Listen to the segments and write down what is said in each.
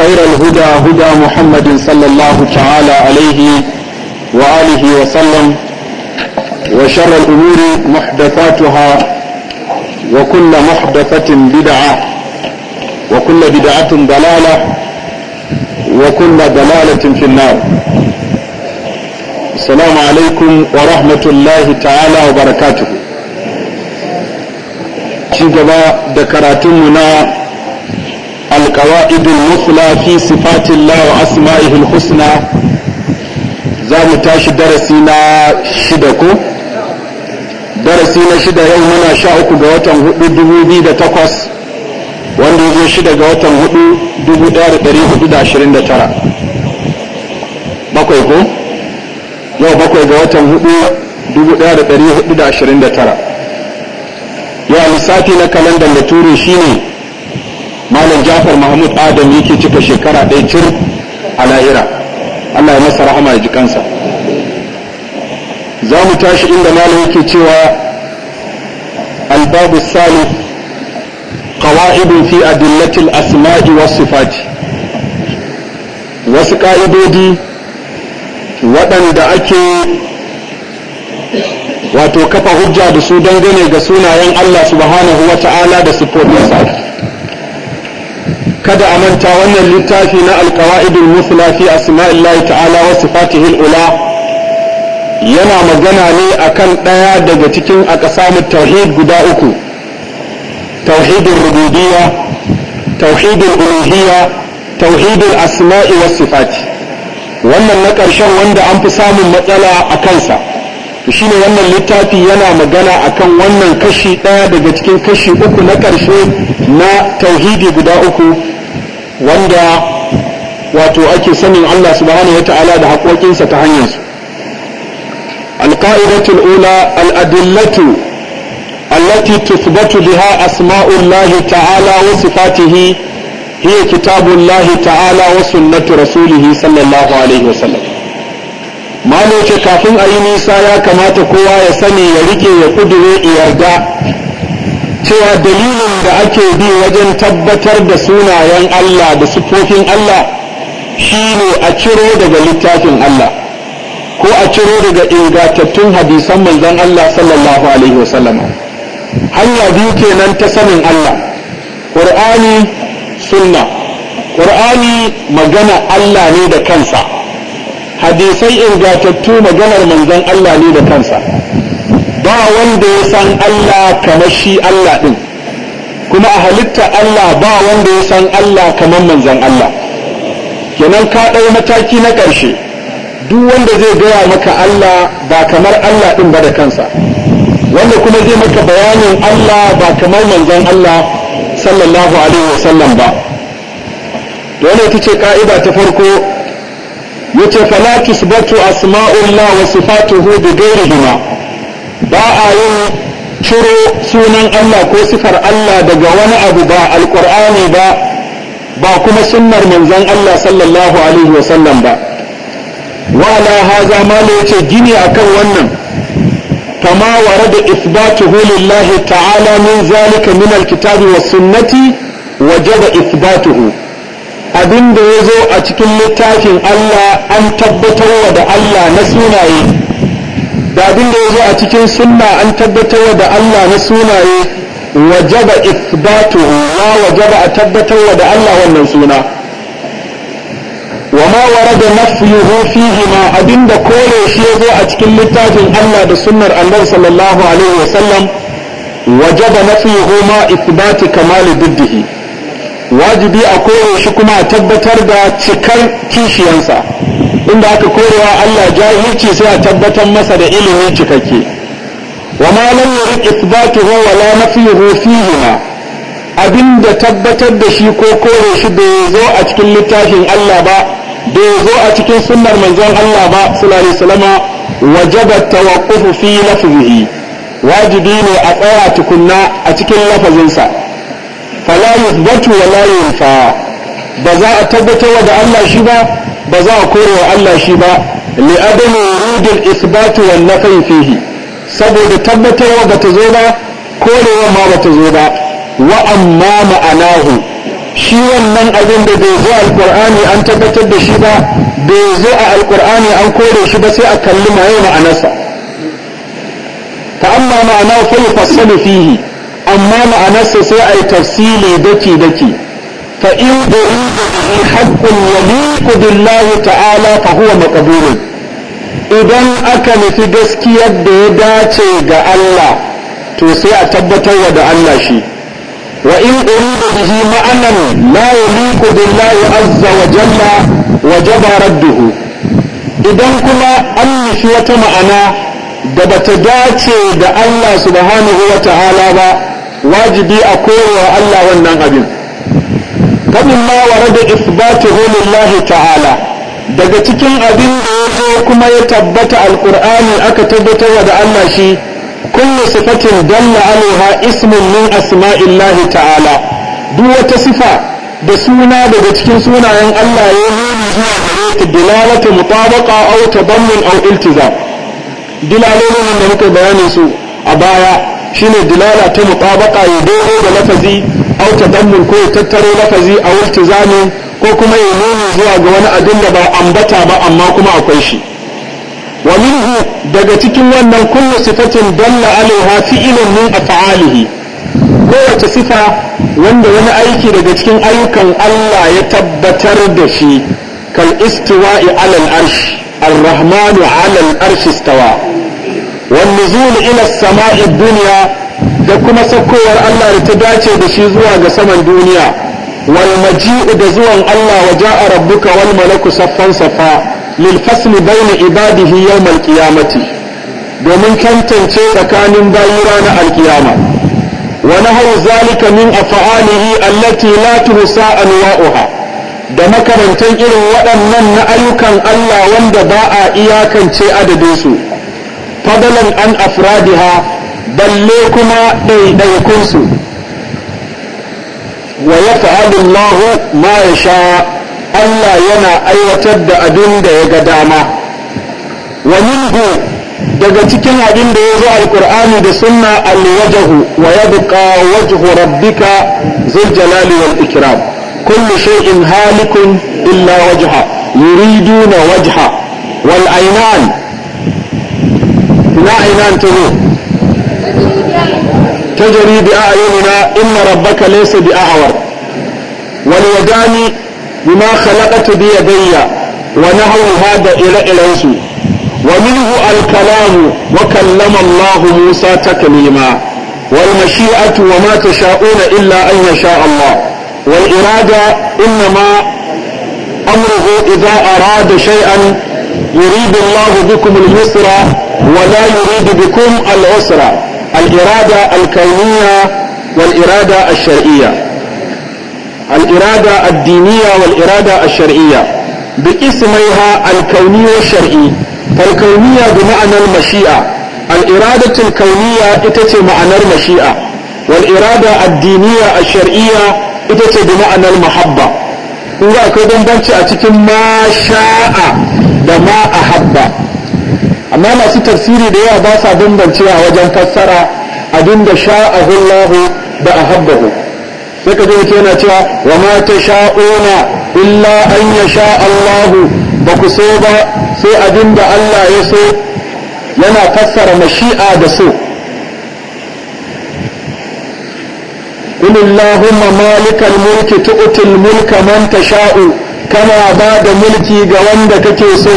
وخير الهدى هدى محمد صلى الله تعالى عليه وآله وسلم وشر الأمور محدثاتها وكل محدثة بدعة وكل بدعة ضلالة وكل ضلالة في النار السلام عليكم ورحمة الله تعالى وبركاته شكرا دكراتمنا القواعد المثلى في صفات الله وأسمائه الحسنى زام تاش درسينا شدكو درسينا شدا يومنا شاوكو قواتن هدو دبو بيدا تقص wanda ya shida ga watan hudu dubu daya da dari hudu da ashirin da tara bakwai ko yau bakwai ga watan hudu dubu daya da dari hudu da ashirin da tara yau lissafi na kalandar da turi shine jafar mahmud adam yake cika shekara ɗaya cir a lahira allah ya masa rahama ya ji kansa za mu tashi inda malam yake cewa albabu Sani qawa'idun fi adillatil asma'i wasu Fati, wasu ka'idodi waɗanda ake wato kafa hujja da su don gane ga sunayen Allah subhanahu wa ta'ala da siffofinsa kada a manta wannan littafi na alkawa'idul musula fi asma'illahi ta'ala wasu sifatihil ula yana magana ne akan ɗaya daga cikin akasamu tauhid guda uku tauhidin rububiyya tauhidin uluhiyya tauhidin asma'i wasu sifati wannan na ƙarshen wanda an fi samun matsala a kansa shine wannan littafi yana magana akan wannan kashi ɗaya daga cikin kashi uku na ƙarshe na tauhidi guda uku wanda wato ake sanin Allah subhanahu wa ta'ala da haƙoƙinsa ta hanyarsu alƙa'idatul ula al'adillatu allati tuthbatu biha asma'ullahi ta'ala wa sifatihi hiya kitabullahi ta'ala wa sunnatu rasulihi sallallahu alaihi wa sallam malo ce kafin a yi nisa ya kamata kowa ya sani ya rike ya kudure yarda cewa dalilin da ake bi wajen tabbatar da sunayen Allah da sifofin Allah shi ne a ciro daga littafin Allah ko a ciro daga ingantattun hadisan manzon Allah sallallahu alaihi hanya biyu kenan ta sanin Allah Qur'ani sunna Qur'ani magana Allah ne da kansa hadisai ingatattu maganar manzon Allah ne da kansa ba wanda ya san Allah kamar shi Allah ɗin kuma a halitta Allah ba wanda ya san Allah kamar manzon Allah kenan ka ɗau mataki na ƙarshe duk wanda zai gaya maka Allah ba kamar Allah ɗin ba da kansa wanda kuma zai maka bayanin Allah ba kamar manzon Allah sallallahu alaihi wasallam ba dole ita ce ka'ida ta farko yace fala tusbatu asma'ullah wa sifatuhu bi ghairihima ba a yi ciro sunan Allah ko sifar Allah daga wani abu ba alqur'ani ba ba kuma sunnar manzon Allah sallallahu alaihi wa sallam ba wala haza ma yace gini akan wannan kama warada ithbatuhu lillahi ta'ala min zalika min alkitabi was sunnati wajaba ithbatuhu abin da ya zo a cikin littafin Allah an wa da Allah na sunaye da abin da ya zo a cikin sunna an wa da Allah na sunaye wajaba ithbatu ma wajaba a wa da Allah wannan suna wa ma warada nafyuhu fihi ma abin da kore shi ya zo a cikin littafin Allah da sunnar Annabi sallallahu alaihi wasallam wajaba nafyuhu ma ithbati kamali diddihi wajibi a koyaushe kuma a tabbatar da cikar kishiyansa inda aka koyawa Allah jahilci sai a tabbatar masa da ilimi cikakke wa ma lam yurid ithbatuhu wa la nafyuhu fihima abinda tabbatar da shi ko kore shi bai zo a cikin littafin Allah ba da zo a cikin sunnar manzon Allah ba sallallahu alaihi wasallama wajaba tawaqqufu fi lafzihi wajibi ne a tsaya tukunna a cikin lafazinsa wala yuzbatu wala yunfa ba za a tabbatar da Allah shi ba ba za a kore wa Allah shi ba li adam wurudul isbat wal nafi fihi saboda tabbatarwa ba ta zo ba korewa ma ba ta zo ba wa amma ma'anahu shi wannan abin da bai zo Alƙur'ani an tabbatar da shi ba bai zo a alqur'ani an kore shi ba sai a kalli mai ma'anarsa ta amma ma'ana fa yufassalu fihi amma ma'anarsa sai a yi tafsili daki daki fa in urida bihi haqqun yaliqu billahi ta'ala fa huwa maqbulun idan aka nufi gaskiyar da ya dace ga Allah to sai a tabbatarwa da Allah shi wa in urida bihi ma'anan la yaliqu billahi azza wa jalla wajaba radduhu idan kuma an nufi wata ma'ana da bata dace da Allah subhanahu wa ta'ala ba wajibi a korowa Allah wannan abin kaɗin ma warada isbatu lillahi ta'ala daga cikin abin da ya zo kuma ya tabbata alqur'ani aka tabbatar da Allah shi kullu sifatin dalla alaiha ismun min asma'illahi ta'ala duk wata sifa da suna daga cikin sunayen Allah ya nuni zuwa gare ta dilalatu mutabaqa aw tadammun aw iltizam dilalolin da muka bayanin su a baya shine dilala ta mutabaka ya dogo da lafazi au tadammun ko tattaro lafazi a wurtizami ko kuma ya nuni zuwa ga wani abin da ba ambata ba amma kuma akwai shi wa minhu daga cikin wannan kullu sifatin dalla alaiha fi'ilun min af'alihi kowace sifa wanda wani aiki daga cikin ayyukan Allah ya tabbatar da shi kal istiwa'i alal arsh ar-rahmanu alal arsh istawa والنزول إلى السماء الدنيا da kuma saukowar Allah da ta dace da shi zuwa ga saman duniya wal maji'u da zuwan Allah wa ja'a rabbuka wal malaku saffan safa lil fasli baina ibadihi yawmal qiyamati domin tantance tsakanin bayi ranar alkiyama wa hau zalika min af'alihi allati la tuhsa anwa'uha da makarantan irin waɗannan na ayyukan Allah wanda ba a iyakance adadin su fadalan an afradiha balle kuma ɗaiɗaikunsu wa ya fa'adullahu ma ya sha Allah yana aiwatar da abin da ya ga dama wa minhu daga cikin abin da ya zo alkur'ani da sunna alwajahu wa yabqa wajahu rabbika zul wal ikram kullu shay'in halikun illa wajha yuriduna wajha wal aynan na iman tuhu ta jari bi a yi nuna ina rabba ka lesa bi wani ya gani bima khalaqatu bi yadayya wa nahwa hada ila wa minhu al kalam wa kallama Allah Musa taklima wal mashi'atu wa ma tasha'una illa an yasha Allah wal irada inna ma amruhu idha arada shai'an? yuridu Allah bikum al yusra ولا يريد بكم العسر الإرادة الكونية والإرادة الشرعية الإرادة الدينية والإرادة الشرعية باسميها الكوني والشرعي فالكونية بمعنى المشيئة الإرادة الكونية إتت معنى المشيئة والإرادة الدينية الشرعية إتت بمعنى المحبة إذا كنت بنت أتكم ما شاء لما أحبه amma masu tafsiri da yawa ba sa bambancewa wajen fassara abinda sha'ahu Allah da ahabbahu sai ka ji yana cewa wa ma sha'una illa an ya Allah ba ku so ba sai abinda Allah ya so yana fassara mashi'a da so قل اللهم mulki الملك تؤتي الملك من kana ba da mulki ga wanda kake so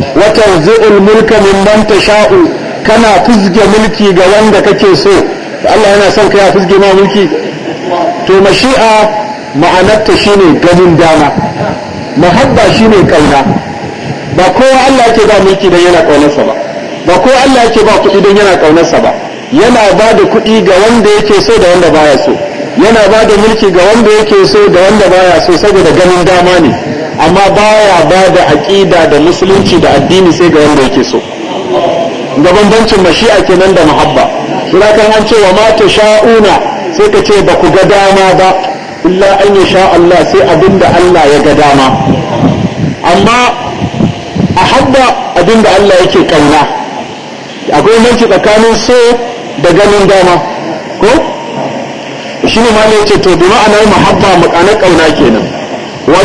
wa tanzi'ul mulka man tasha'u kana fizge mulki ga wanda kake so Allah yana son kai fizge ma mulki to mashi'a ma'anarta shine ganin dama mahabba shine kauna ba kowa Allah yake ba mulki dan yana sa ba ba kowa Allah yake ba kuɗi dan yana sa ba yana ba da kuɗi ga wanda yake so da wanda baya so yana ba da mulki ga wanda yake so da wanda baya so saboda ganin dama ne amma baya ba da aƙida da musulunci da addini sai ga wanda yake so da bambancin mashi'a kenan da muhabba sura kan an ce wa ma ta sha'una sai ka ce ba ku ga dama ba illa an ya sha Allah sai abin da Allah ya ga dama amma a habba abin da Allah yake kauna akwai manci tsakanin so da ganin dama ko shi ne ma ne ce to bi ma'anar muhabba ma'anar kauna kenan wa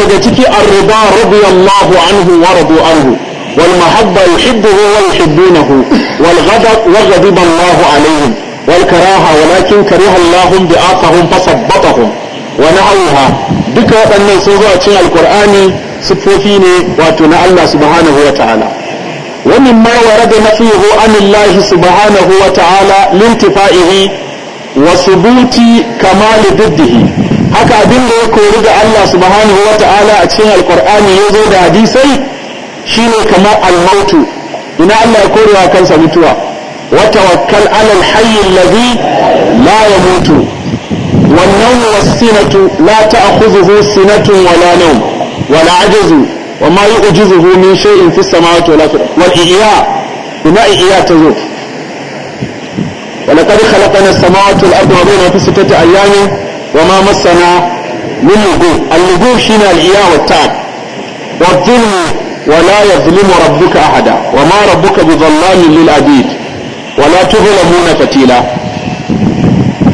daga ciki ar-rida radiyallahu anhu wa radu anhu wal mahabba yuhibbuhu wa yuhibbunahu wal ghadab wa ghadiba wal karaha walakin kariha Allahu bi'aqahum fasabbatahum wa nahawha duka waɗannan sun zo a cikin alqur'ani sifofi ne wato na Allah subhanahu wa ta'ala wa mimma anillahi subhanahu haka abin da ya kori da Allah subhanahu wa ta'ala a cikin alkur'ani ya zo da hadisai shine kamar al-mautu. ina Allah ya kori wa kansa mutuwa wa tawakkal ala alhayy alladhi la yamutu wan nawm was-sinatu la ta'khudhuhu sinatun wala nawm wala ajazu wa ma yu'jizuhu min shay'in fis samawati wala fil wal iya? ina ihya tazo ولقد خلقنا السماوات والأرض وبينهما في ستة أيام Wama ma masana min lugub al-lugub shine al-iya wa ta'ab wa dhulmu wa la yazlimu rabbuka ahada wa ma bi dhallamin lil abid wa la tuzlamuna fatila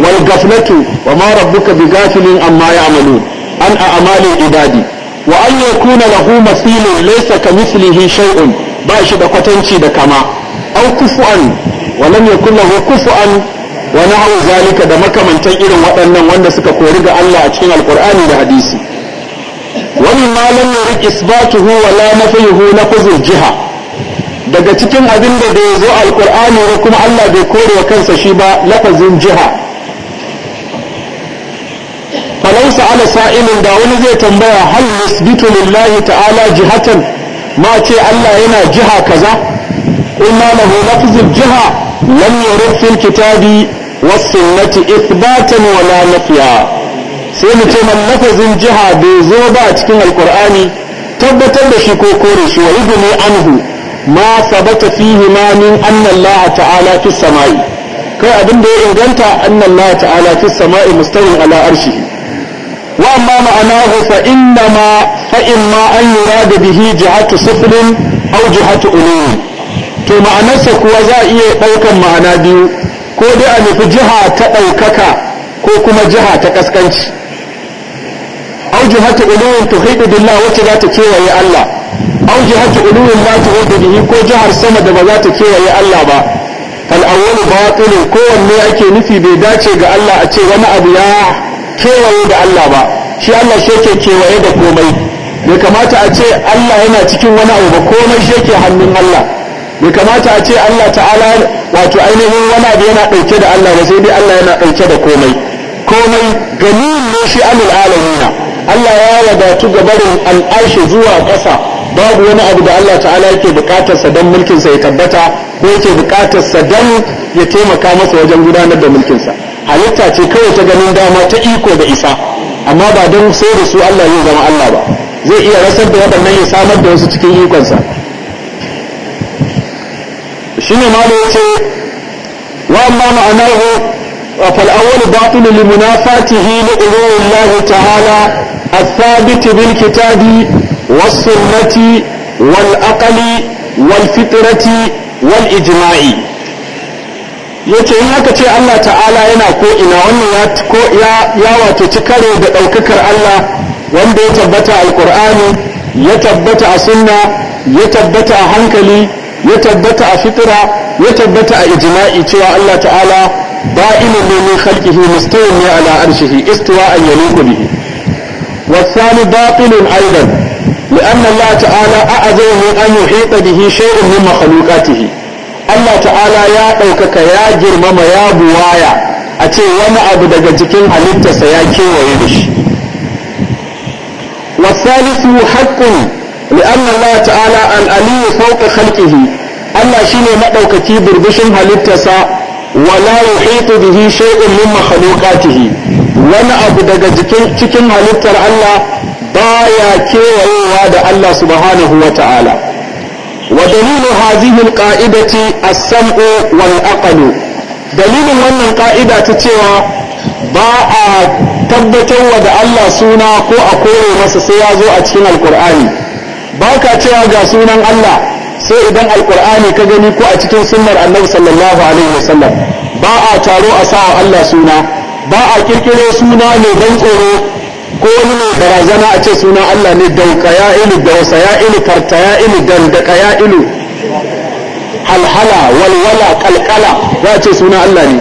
wal ghaflatu wa ma rabbuka bi ghafilin amma ya'malun an a'mali ibadi wa an yakuna lahu mathilun laysa kamithlihi shay'un ba shi da kwatanci da kama au kufu'an ya lam yakun lahu kufu'an wani hau zalika da makamantan irin waɗannan wanda suka kori ga Allah a cikin alkur'ani da hadisi wani malam ya rik isbatuhu wa la nafiyuhu na kuzur jiha daga cikin abin da bai zo alkur'ani ba kuma Allah bai kore wa kansa shi ba lafazin jiha falansa ala sa'ilin da wani zai tambaya hal yusbitu lillahi ta'ala jihatan ma ce Allah yana jiha kaza qulna lahu lafzul jiha lam yurid kitabi wasunnati ithbatan wala nafiya sai mu ce man lafazin jiha bai zo ba cikin alkur'ani tabbatar da shi ko kore shi wa ibni anhu ma sabata fihi ma min anna Allah ta'ala fi samai kai abin da ya inganta anna Allah ta'ala fi samai mustawin ala arshi wa amma ma'anahu fa inna ma fa imma an yurada bihi jihatu suflin aw jihatu ulum to ma'anarsa kuwa za a iya ɗaukan ma'ana biyu ko dai a nufi jiha ta ɗaukaka ko kuma jiha ta ƙasƙanci au jihatu uluwin tuhidu billah wacce za ta kewaye Allah au jihatu uluwin ma tuhidu bihi ko jihar sama da ba za ta kewaye Allah ba fal awwalu batilun kowanne ake nufi bai dace ga Allah a ce wani abu ya kewaye da Allah ba shi Allah shi yake kewaye da komai bai kamata a ce Allah yana cikin wani abu ba komai shi yake hannun Allah bai kamata a ce Allah ta'ala wato ainihin wani abu yana ɗauke da Allah ba sai dai Allah yana ɗauke da komai komai gani ne shi alul alamina Allah ya wadatu gabarin al'ashi zuwa ƙasa babu wani abu da Allah ta'ala yake bukatarsa don sa ya tabbata ko yake sa don ya taimaka masa wajen gudanar da mulkin sa. halitta ce kawai ta ganin dama ta iko da isa amma ba don sai da su Allah zai zama Allah ba zai iya rasar da waɗannan ya samar da wasu cikin ikonsa shine ma da yace wa amma ma'anahu fal awwal batil li munafatihi li Allah ta'ala الثابت بالكتاب wal والأقل والفطرة والإجماع yace in haka ce Allah ta'ala yana ko ina wannan ya wato ci da ɗaukakar Allah wanda ya tabbata Alƙur'ani ya tabbata a sunna ya tabbata a hankali ya tabbata a fitira ya tabbata a ijma'i cewa Allah ta'ala ba ina min khalqihi mustawin ne ala arshihi istiwa'an yaluqu bihi ta'ala a'a zai لأن الله تعالى أعزه أن يحيط به شيء من مخلوقاته Allah ta'ala ya ɗaukaka ya girmama ya buwaya a ce wani abu daga cikin halittarsa ya kewaye da shi wasalisu haƙƙun li'anna Allah ta'ala al'aliyu fauka khalqihi Allah shi ne maɗaukaki burbushin halittarsa wala yuhitu bihi shay'un min makhluqatihi wani abu daga jikin cikin halittar Allah baya kewayewa da Allah subhanahu wa ta'ala wa dalilu hadhihi alqa'idati as-sam'u wal aqlu dalilin wannan ka'ida ta cewa ba a tabbatarwa da Allah suna ko a kore masa sai ya zo a cikin alqur'ani ba ka cewa ga sunan Allah sai idan alkur'ani ka gani ko a cikin sunnar annabi sallallahu alaihi wasallam ba a taro a sa Allah suna ba a kirkiro suna ne dan tsoro ko wani mai barazana a ce suna Allah ne dan kaya ilu dausa ya ilu farta ya ilu dan, da kaya ilu halhala walwala kalkala za a ce suna Allah ne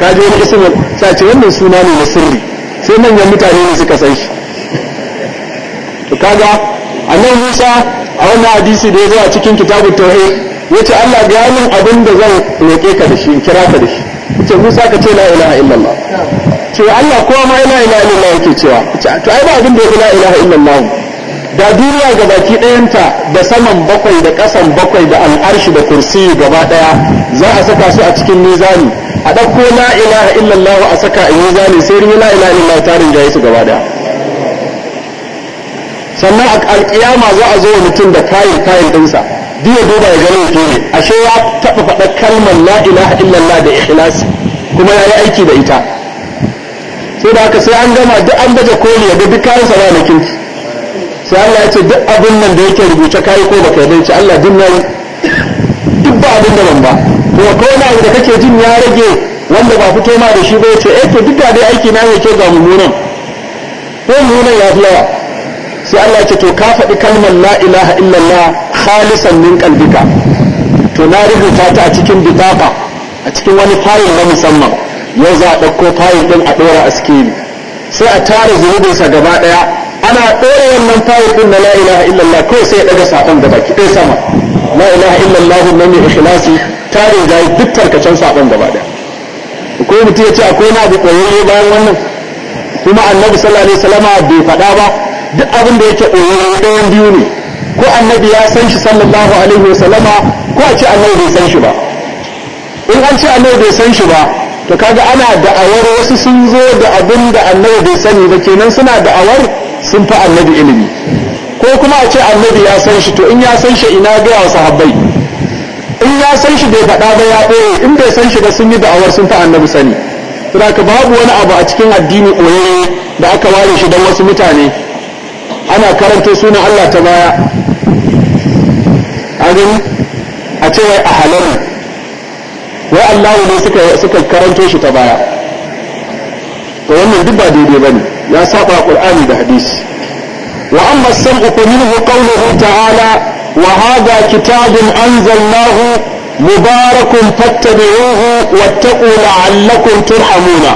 ka ji wani ismin sai ce wannan suna ne na sirri sai manyan mutane ne suka san shi to kaga annabi Musa A wani hadisi da ya zo a cikin kitabun tauhid ce Allah ga min abin da zan roƙe ka da shi in kira ka da shi ce Musa ka ce la ilaha illallah ce Allah kowa ma ila ilaha illallah yake cewa to ai ba abin da yake la ilaha illallah da duniya ga baki ɗayanta da saman bakwai da ƙasan bakwai da al'arshi da kursi gaba ɗaya za a saka su a cikin mizani a ɗauko la ilaha illallah a saka a mizani sai la ilaha illallah ta rinjaye su gaba ɗaya sannan a ma za a zo wa mutum da kayan kayan ɗinsa duk ya duba ya gani mutum ne ashe ya taɓa faɗa kalmar la ilaha illallah da ikhlasi kuma ya yi aiki da ita sai da haka sai an gama duk an baje koli ya ga duk kayan sa na kirki sai Allah ya ce duk abin nan da yake rubuce kayi ko baka yarda ce Allah din nan duk ba abin da ban ba to ko wani abu da kake jin ya rage wanda ba fito ma da shi ba ya ce eh to duk da dai aiki na yake ga mummunan ko mummunan ya fi yawa sai Allah ce to ka faɗi kalmar la ilaha illallah khalisan min kalbika to na rubuta ta a cikin bitaqa a cikin wani fayil na musamman yau za a ɗauko fayil ɗin a ɗora a sikeli sai a tara zunubinsa gaba ɗaya ana ɗora wannan fayil ɗin na la ilaha illallah kawai sai ya ɗaga saƙon gaba baki ɗaya sama la ilaha illallah na mai ikhlasi ta riga duk tarkacen saƙon gaba ɗaya ko mutum ya ce akwai na abu koyayye bayan wannan kuma annabi sallallahu alaihi wasallama bai faɗa ba duk abin da yake ɓoye ɗayan biyu ne ko annabi ya san shi sallallahu alaihi wasallama ko a ce annabi bai san shi ba in an ce annabi bai san shi ba to kaga ana da'awar wasu sun zo da abin da annabi bai sani ba kenan suna da'awar sun fi annabi ilimi ko kuma a ce annabi ya san shi to in ya san shi ina ga wasu habbai in ya san shi bai faɗa ba ya ɓoye in bai san shi ba sun yi da'awar sun fi annabi sani saboda babu wani abu a cikin addini ɓoye da aka ware shi don wasu mutane ana karanta suna Allah ta baya agin a cewa a halar wai Allah ne suka karanto shi ta baya to wannan duk ba daidai bane ya saba Qur'ani da hadisi wa amma sam'u fa ta'ala wa hadha kitabun anzalnahu mubarakun fattabi'uhu wattaqu la'allakum turhamuna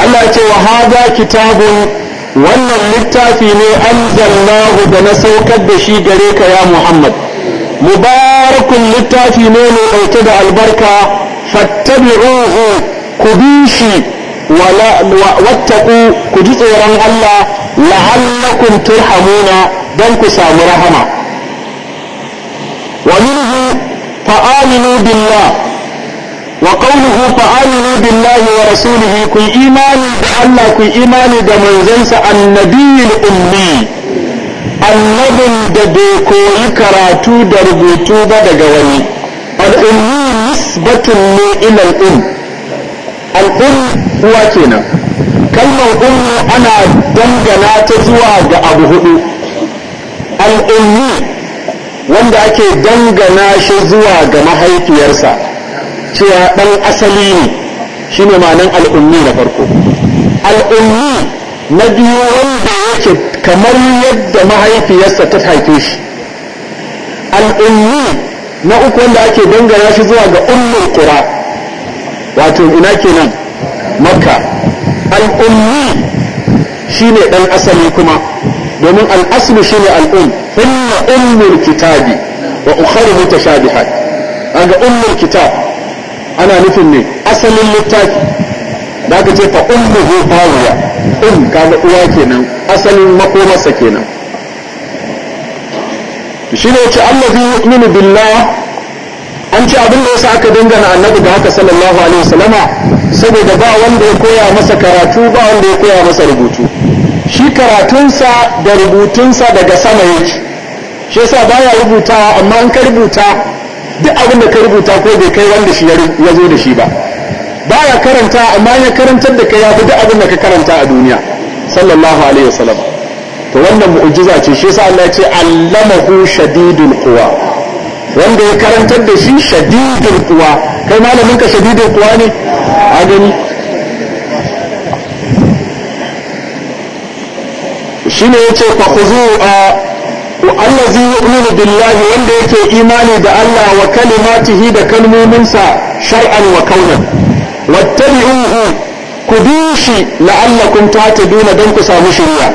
Allah ya ce wa hadha kitabun wannan littafi ne anzalnahu da na saukar da shi gare ka ya muhammad mubarakun littafi ne mai ɗauke da albarka fattabi'uhu ku bi shi wattaku ku ji tsoron allah la'allakum turhamuna don ku samu rahama wa minhu fa'aminu billah وقوله فآمنوا بالله ورسوله كن imani da كن إيماني بمن زنس النبي الأمي annabin da bai koyi karatu da rubutu ba daga wani al'ummi nisbatun ne ilal um al'um uwa kenan kalmar ummu ana dangana ta zuwa ga abu hudu al'ummi wanda ake dangana shi zuwa ga mahaifiyarsa cewa ɗan asali ne shi ne ma'anan al'ummi na farko al'ummi na biyu wanda yake kamar yadda mahaifiyarsa ta haife shi al'ummi na uku wanda ake dangana shi zuwa ga ummul wato ina kenan makka al'ummi shine ɗan asali kuma domin al'aslu shine al'um hunna ummul wa ukhra mutashabihat an ummul kitab ana nufin ne asalin littafi da aka ce fa ummuhu fawiya um kaga uwa kenan asalin makomarsa kenan ne yace allazi yu'minu billah an ce abin da yasa aka dangana annabi da haka sallallahu alaihi wasallama saboda ba wanda ya koya masa karatu ba wanda ya koya masa rubutu shi karatunsa da rubutunsa daga sama yake shi yasa baya rubutawa amma an ka rubuta duk abin da ka rubuta ko bai kai wanda shi ya zo da shi ba Ba ya karanta amma ya karantar da kai ya fi duk abin da ka karanta a duniya sallallahu alaihi wasallam to wannan mu'jiza ce shi yasa Allah ya ce allamahu shadidul quwa wanda ya karantar da shi shadidul quwa kai malamin ka shadidul quwa ne a gani shine yace fa khuzu allazi yu'minu billahi wanda yake imani da Allah wa kalimatihi da kalmominsa shar'an wa kaunan wattabi'uhu ku bi shi la'allakum tahtaduna dan ku samu shiriya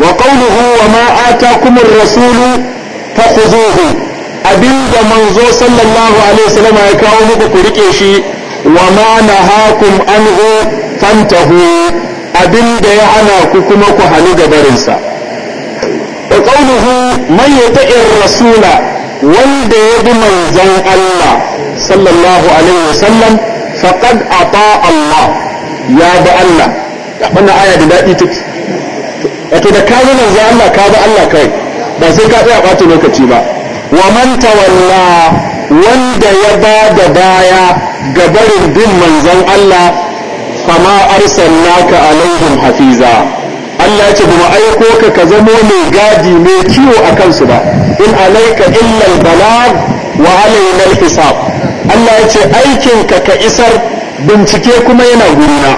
wa qawluhu wa ma atakumur rasulu fakhuzuhu abinda manzo sallallahu alaihi wasallam ya kawo muku ku rike shi wa ma nahakum anhu fantahu abinda ya hana ku kuma ku halu gabarinsa وقوله من يطع الرسول wanda ya bi manzon Allah sallallahu alaihi wasallam faqad ata Allah ya bi Allah wannan aya da dadi take wato da ka bi Allah ka Allah kai ba sai ka tsaya ɓata lokaci ba wa man tawalla wanda ya ba da baya ga barin bin manzon Allah fama a alaihim hafiza Allah ya ce ba aiko ka ka zamo mai gadi mai ciwo a kansu ba in alaika illa al-balag wa alaina al-hisab Allah ya ce aikin ka ka isar bincike kuma yana gurina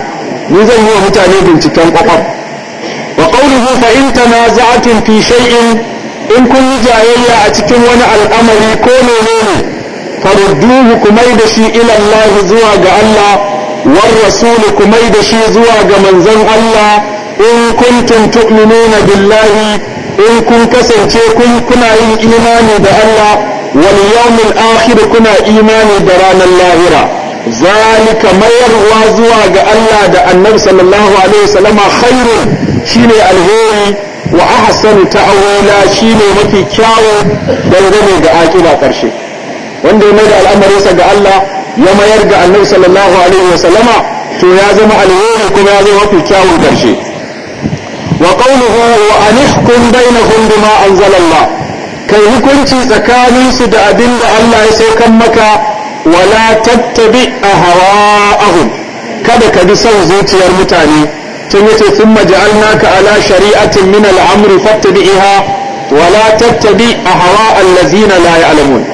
ni zan yi wa mutane binciken kwakwaf wa qawluhu fa in tanaza'atin fi shay'in in kun yi jayayya a cikin wani al'amari ko menene farudduhu kumai da shi ila Allah zuwa ga Allah war rasulu kumai da shi zuwa ga manzon Allah in kuntum tu'minuna billahi in kun kasance kun kuna yin imani da Allah wal yawmil akhir kuna imani da ranar lahira zalika mayarwa zuwa ga Allah da Annabi sallallahu alaihi wasallama khairun shine alheri wa ahsanu ta'awula shine mafi kyawu dangane ga akiba karshe wanda ya maida al'amarinsa ga Allah ya mayar ga Annabi sallallahu alaihi wasallama to ya zama alheri kuma ya zama mafi kyawun karshe وقوله وأن احكم بينهم بما أنزل الله كي هكونتي تكاني سد أبن الله يسوكم مكا ولا تتبع أهواءهم كذا كبسا زوتي المتاني تنتي ثم جعلناك على شريعة من الأمر فاتبعها ولا تتبع أهواء الذين لا يعلمون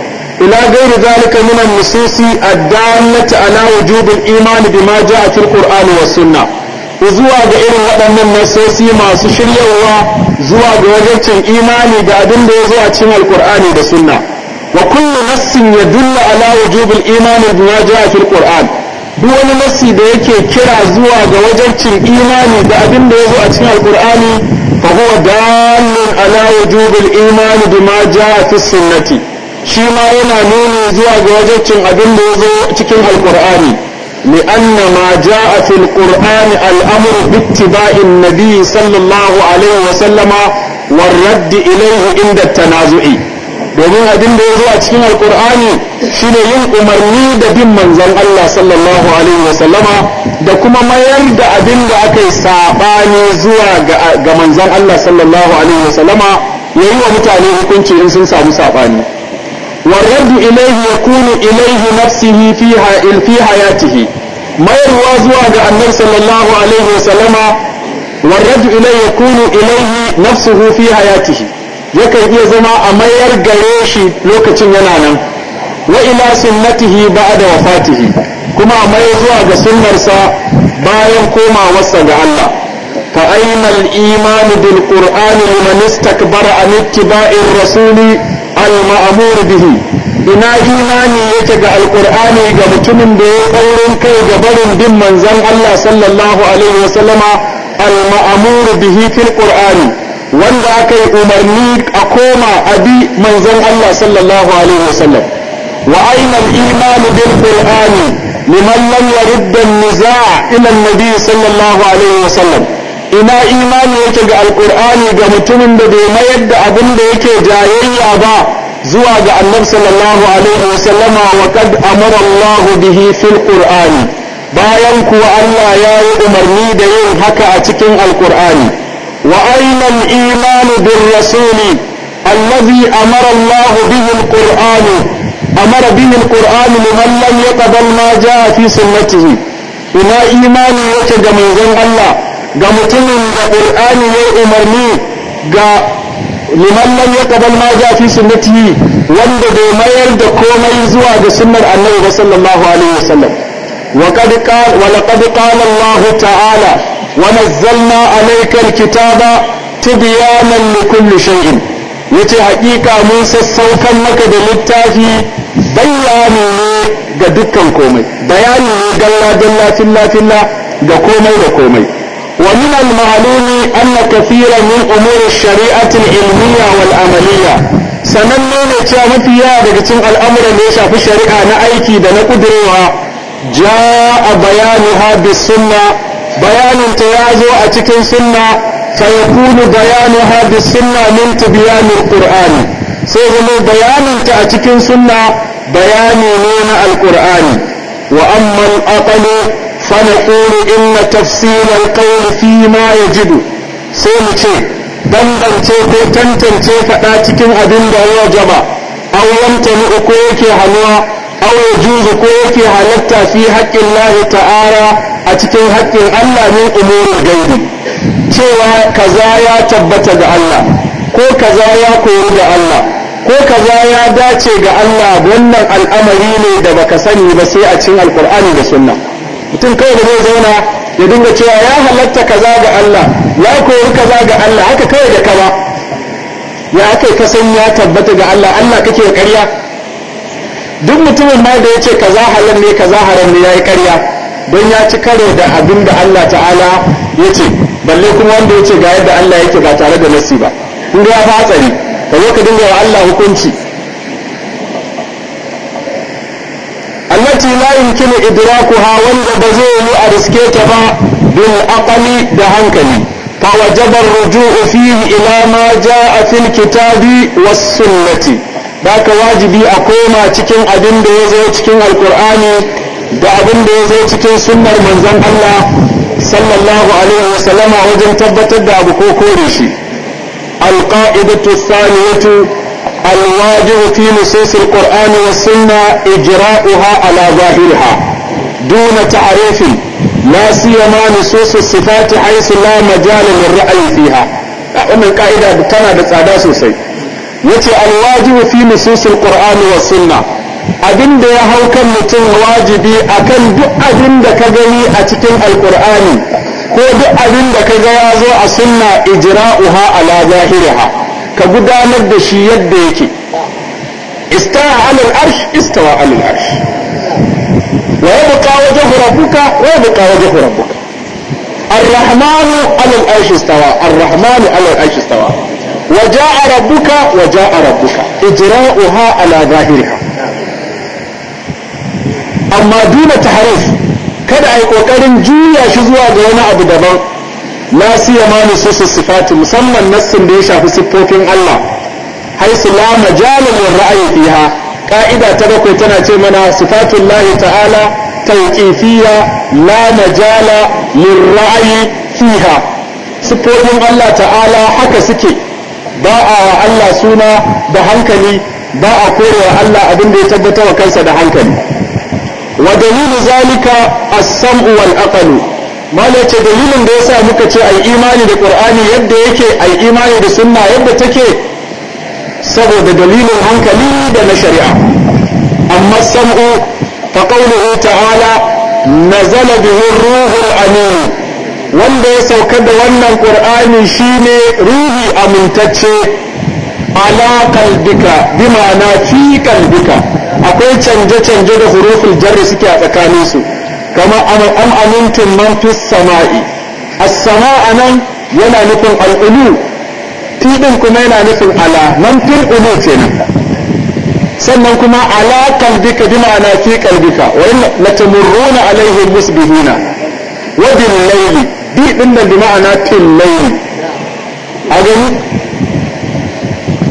إلى غير ذلك من النصوص الدالة على وجوب الإيمان بما جاء في القرآن والسنة zuwa ga irin waɗannan nasosi masu shiryawa zuwa ga wajen imani da abin da ya zo a cikin alkur'ani da sunna wa kullu nassin yadullu ala wujubil imani bima jaa fil qur'an duk wani nassi da yake kira zuwa ga wajen imani da abin da ya zo a cikin alkur'ani fa huwa dallun ala wujubil imani bima jaa fis sunnati shi ma yana nuni zuwa ga wajen abin da ya zo cikin alkur'ani لأن ما جاء في القرآن الأمر باتباع النبي صلى الله عليه وسلم والرد إليه عند التنازع domin abin da ya zo a cikin alkur'ani shine yin umarni da bin manzon Allah sallallahu alaihi wa sallama, da kuma mayar da abin da aka yi saɓani zuwa ga manzon Allah sallallahu alaihi wasallama ya yi wa mutane hukunci in sun samu saɓani والرد إليه يكون إليه نفسه فيها في حياته ما يروى زواج النبي صلى الله عليه وسلم والرد إليه يكون إليه نفسه في حياته yakan iya zama a mayar gare shi lokacin yana nan wa ila sunnatihi ba'da wafatihi kuma a mayar zuwa ga sunnarsa bayan komawarsa ga Allah fa aina al-iman bil qur'ani liman istakbara rasuli al-ma'mur bihi ina imani yake ga alqur'ani ga mutumin da ya tsaurin kai ga barin bin manzon Allah sallallahu alaihi wasallama al-ma'mur bihi fil qur'ani wanda aka yi umarni a koma a bi manzon Allah sallallahu alaihi wasallam wa aina al-iman bil qur'ani liman lam yurid an-nizaa ila an-nabi sallallahu alaihi wasallam ina imani yake ga alkur'ani ga mutumin da bai mayar da abin da yake jayayya ba zuwa ga annabi sallallahu alaihi wasallama wa qad amara Allah bihi fil qur'ani bayan kuwa Allah ya yi umarni da yin haka a cikin alkur'ani wa aina al-imanu bir rasuli alladhi amara Allah bihi al-qur'ani amara bihi al-qur'ani liman lam yaqbal ma fi sunnatihi ina imani yake ga manzon Allah ga mutumin da ƙur'ani ya umarni ga liman ya yaqbal ma ja fi sunnati wanda bai mayar da komai zuwa ga sunnar annabi ba sallallahu alaihi wasallam wa qad qala wa laqad qala Allah ta'ala wa nazzalna alayka alkitaba tibyanan likulli shay'in yace haƙiƙa mun sassaukan maka da littafi bayani ne ga dukkan komai bayani ne galla galla filla filla ga komai da komai ومن المعلوم أن كثيرا من أمور الشريعة العلمية والعملية sananne ne cewa mafiya daga cikin al'amuran da ya shafi shari'a na aiki da na kudurewa ja a bayanu ha sunna bayanin ta ya zo a cikin sunna ya yakunu bayanu ha sunna min tibyanil qur'ani sai zama bayanin ta a cikin sunna bayani ne na alqur'ani wa amma al فنقول إن تفصيل القول فيما يجب سيمتي دندن تيكو تنتن تيكا آتكين أبن دعوة جبا أو يمتنع كويكي هنوى أو يجوز كويكي هلتا في حق الله تعالى أتكين حق الله من أمور الغيب cewa kaza ya tabbata ga Allah ko kaza ya koyi ga Allah ko kaza ya dace ga Allah wannan al'amari ne da baka sani ba sai a cin alkur'ani da sunna mutum kawai da zai zauna ya dinga cewa ya halatta kaza ga Allah ya koyi kaza ga Allah haka kawai da kaza ya kai ka san ya tabbata ga Allah Allah kake ƙarya duk mutumin ma da ya ce kaza halal ne kaza haram ne yayi yi ƙarya don ya ci karo da abin da Allah ta'ala ya ce balle kuma wanda ya ce ga yadda Allah yake ba tare da nasi ba kun ga ya fa hatsari ka zo ka dinga wa Allah hukunci التي لا يمكن إدراكها والبزول أرسكيت بالأقل بهنكلي فوجب الرجوع فيه إلى ما جاء في الكتاب والسنة ذاك واجبي أقوم تكين أبن بيزي تكين القرآن da بيزي تكين سنة من cikin الله صلى الله عليه وسلم wasallama تبتد أبو da القائدة الثانية الواجب في نصوص القرآن والسنة إجراؤها على ظاهرها دون تعريف لا سيما نصوص الصفات حيث لا مجال للرأي فيها أم القاعدة تنا بتعدى سوسي yace alwajibu fi nususil qur'ani was sunna abin da ya hau kan mutum wajibi akan duk abin da ka gani a cikin alqur'ani ko duk abin da ka ga ya zo a sunna ala zahiriha ka gudanar da shi yadda yake istawa alal arsh istawa alal arsh wa yabqa wajhu rabbuka wa yabqa wajhu rabbuka الرحمن على العرش استوى الرحمن على العرش استوى وجاء ربك وجاء ربك إجراؤها على ظاهرها amma duna tahrif kada ai ƙoƙarin juya shi zuwa ga wani abu daban la siyama nusus sifati musamman nassin da ya shafi siffofin Allah haisu la majalun wa ra'ayi fiha ka'ida ta bakwai tana ce mana sifatullahi ta'ala tawqifiyya la majala lil ra'ayi fiha siffofin Allah ta'ala haka suke ba a wa Allah suna da hankali ba a korewa Allah abin da ya tabbatar wa kansa da hankali wa dalilu zalika as-sam'u wal aqlu malai ce dalilin da ya sa muka ce ai imani da ƙur'ani yadda yake ai imani da sunna yadda take saboda dalilin hankali da na shari'a amma sam'u fa qawluhu ta'ala nazala bihi ruhul amin wanda ya sauka da wannan ƙur'ani shine ruhi amintacce ala kalbika bima na fi kalbika akwai canje-canje da hurufin jarri suke a tsakaninsu kama am amintin man fi sama'i as-sama'a nan yana nufin al'ulu tidin kuma yana nufin ala nan fil ulu kenan sannan kuma ala kalbika bi ma'ana fi kalbika, wa in latamurruna alaihim musbihina wa bil layli bi din nan bi ma'ana til layli a gani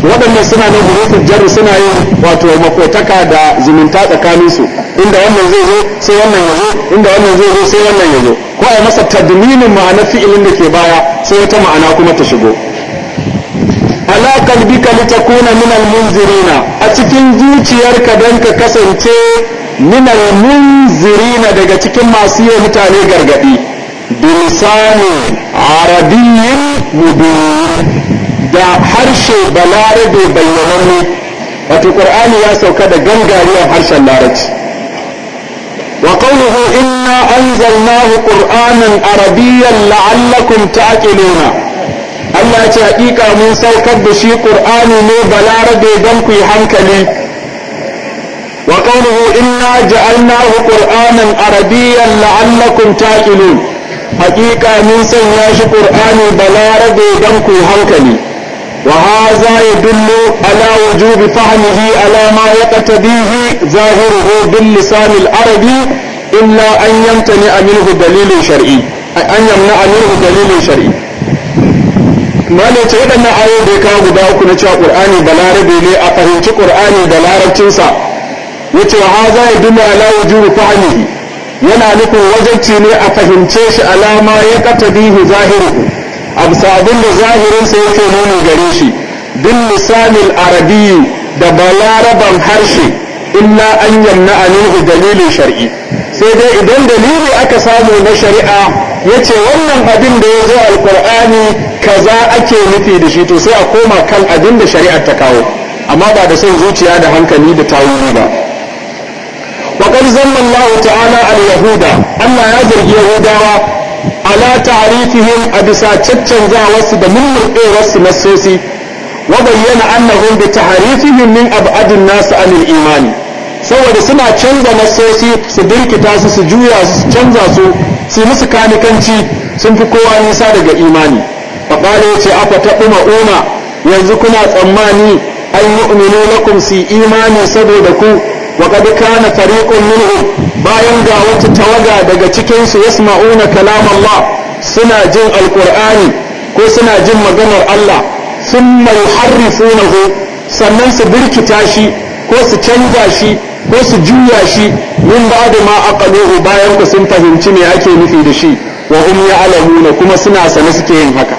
waɗannan suna nan hurufin jar suna yin wato makotaka da zumunta tsakaninsu inda wannan zai zo sai wannan ya zo inda wannan zai zo sai wannan ya zo ko a masa tadminin ma'ana fi'ilin da ke baya sai wata ma'ana kuma ta shigo ala qalbika litakuna min almunzirina a cikin zuciyarka dan ka kasance min almunzirina daga cikin masu yi mutane gargadi bilisani arabiyyin mubin da harshe balarabe bayyananne wato qur'ani ya sauka da gangariyar harshen larabci وقوله إنا أنزلناه قرآنا عربيا لعلكم تعقلون Allah ce hakika mun saukar da shi Qur'ani ne balarabe don ku yi hankali wa qawluhu inna ja'alnahu qur'anan arabiyyan la'allakum taqilun hakika mun sanya shi Qur'ani balarabe don ku yi hankali وهذا يدل على وجوب فهمه على ما يقتضيه ظاهره باللسان العربي إلا أن يمتنع منه دليل شرعي أن يمنع منه دليل شرعي malai ce waɗannan ayoyi da ya kawo guda uku na cewa ƙur'ani da larabe ne a fahimci ƙur'ani da larabcinsa ya ce za ya duna ala wujubi fahimi yana nufin wajen ne a fahimce shi alama ya kata zahiru a bisa abin da zahirinsa yake nuni gare shi bin lisanin arabiyu da balaraban harshe illa an yamna anhu dalilin shar'i sai dai idan dalili aka samu na shari'a yace wannan abin da ya zo alqur'ani kaza ake nufi da shi to sai a koma kan abin da shari'ar ta kawo amma ba da son zuciya da hankali da tawuri ba وقد ذم الله تعالى allah ya zargi yahudawa ala ta'rifihim a bisa wasu da na nassosi wa bayyana annahum bi tahrifihim min ab'adin nasu anil imani saboda suna canza masosi su birkita su su juya su canza su su musu kanikanci sun fi kowa nisa daga imani faƙala ce aka ta uma yanzu kuna tsammani an yi lakum su imani saboda ku وقد كان فريق منهم bayan ga wata tawaga daga cikinsu ya sma'una kalamallah suna jin alkur'ani ko suna jin maganar Allah sun mai harrifunahu sannan su birkita shi ko su canza shi ko su juya shi min ba da ma aqaluhu bayan ku sun fahimci me ake nufi da shi wa hum ya'lamuna kuma suna sane suke yin haka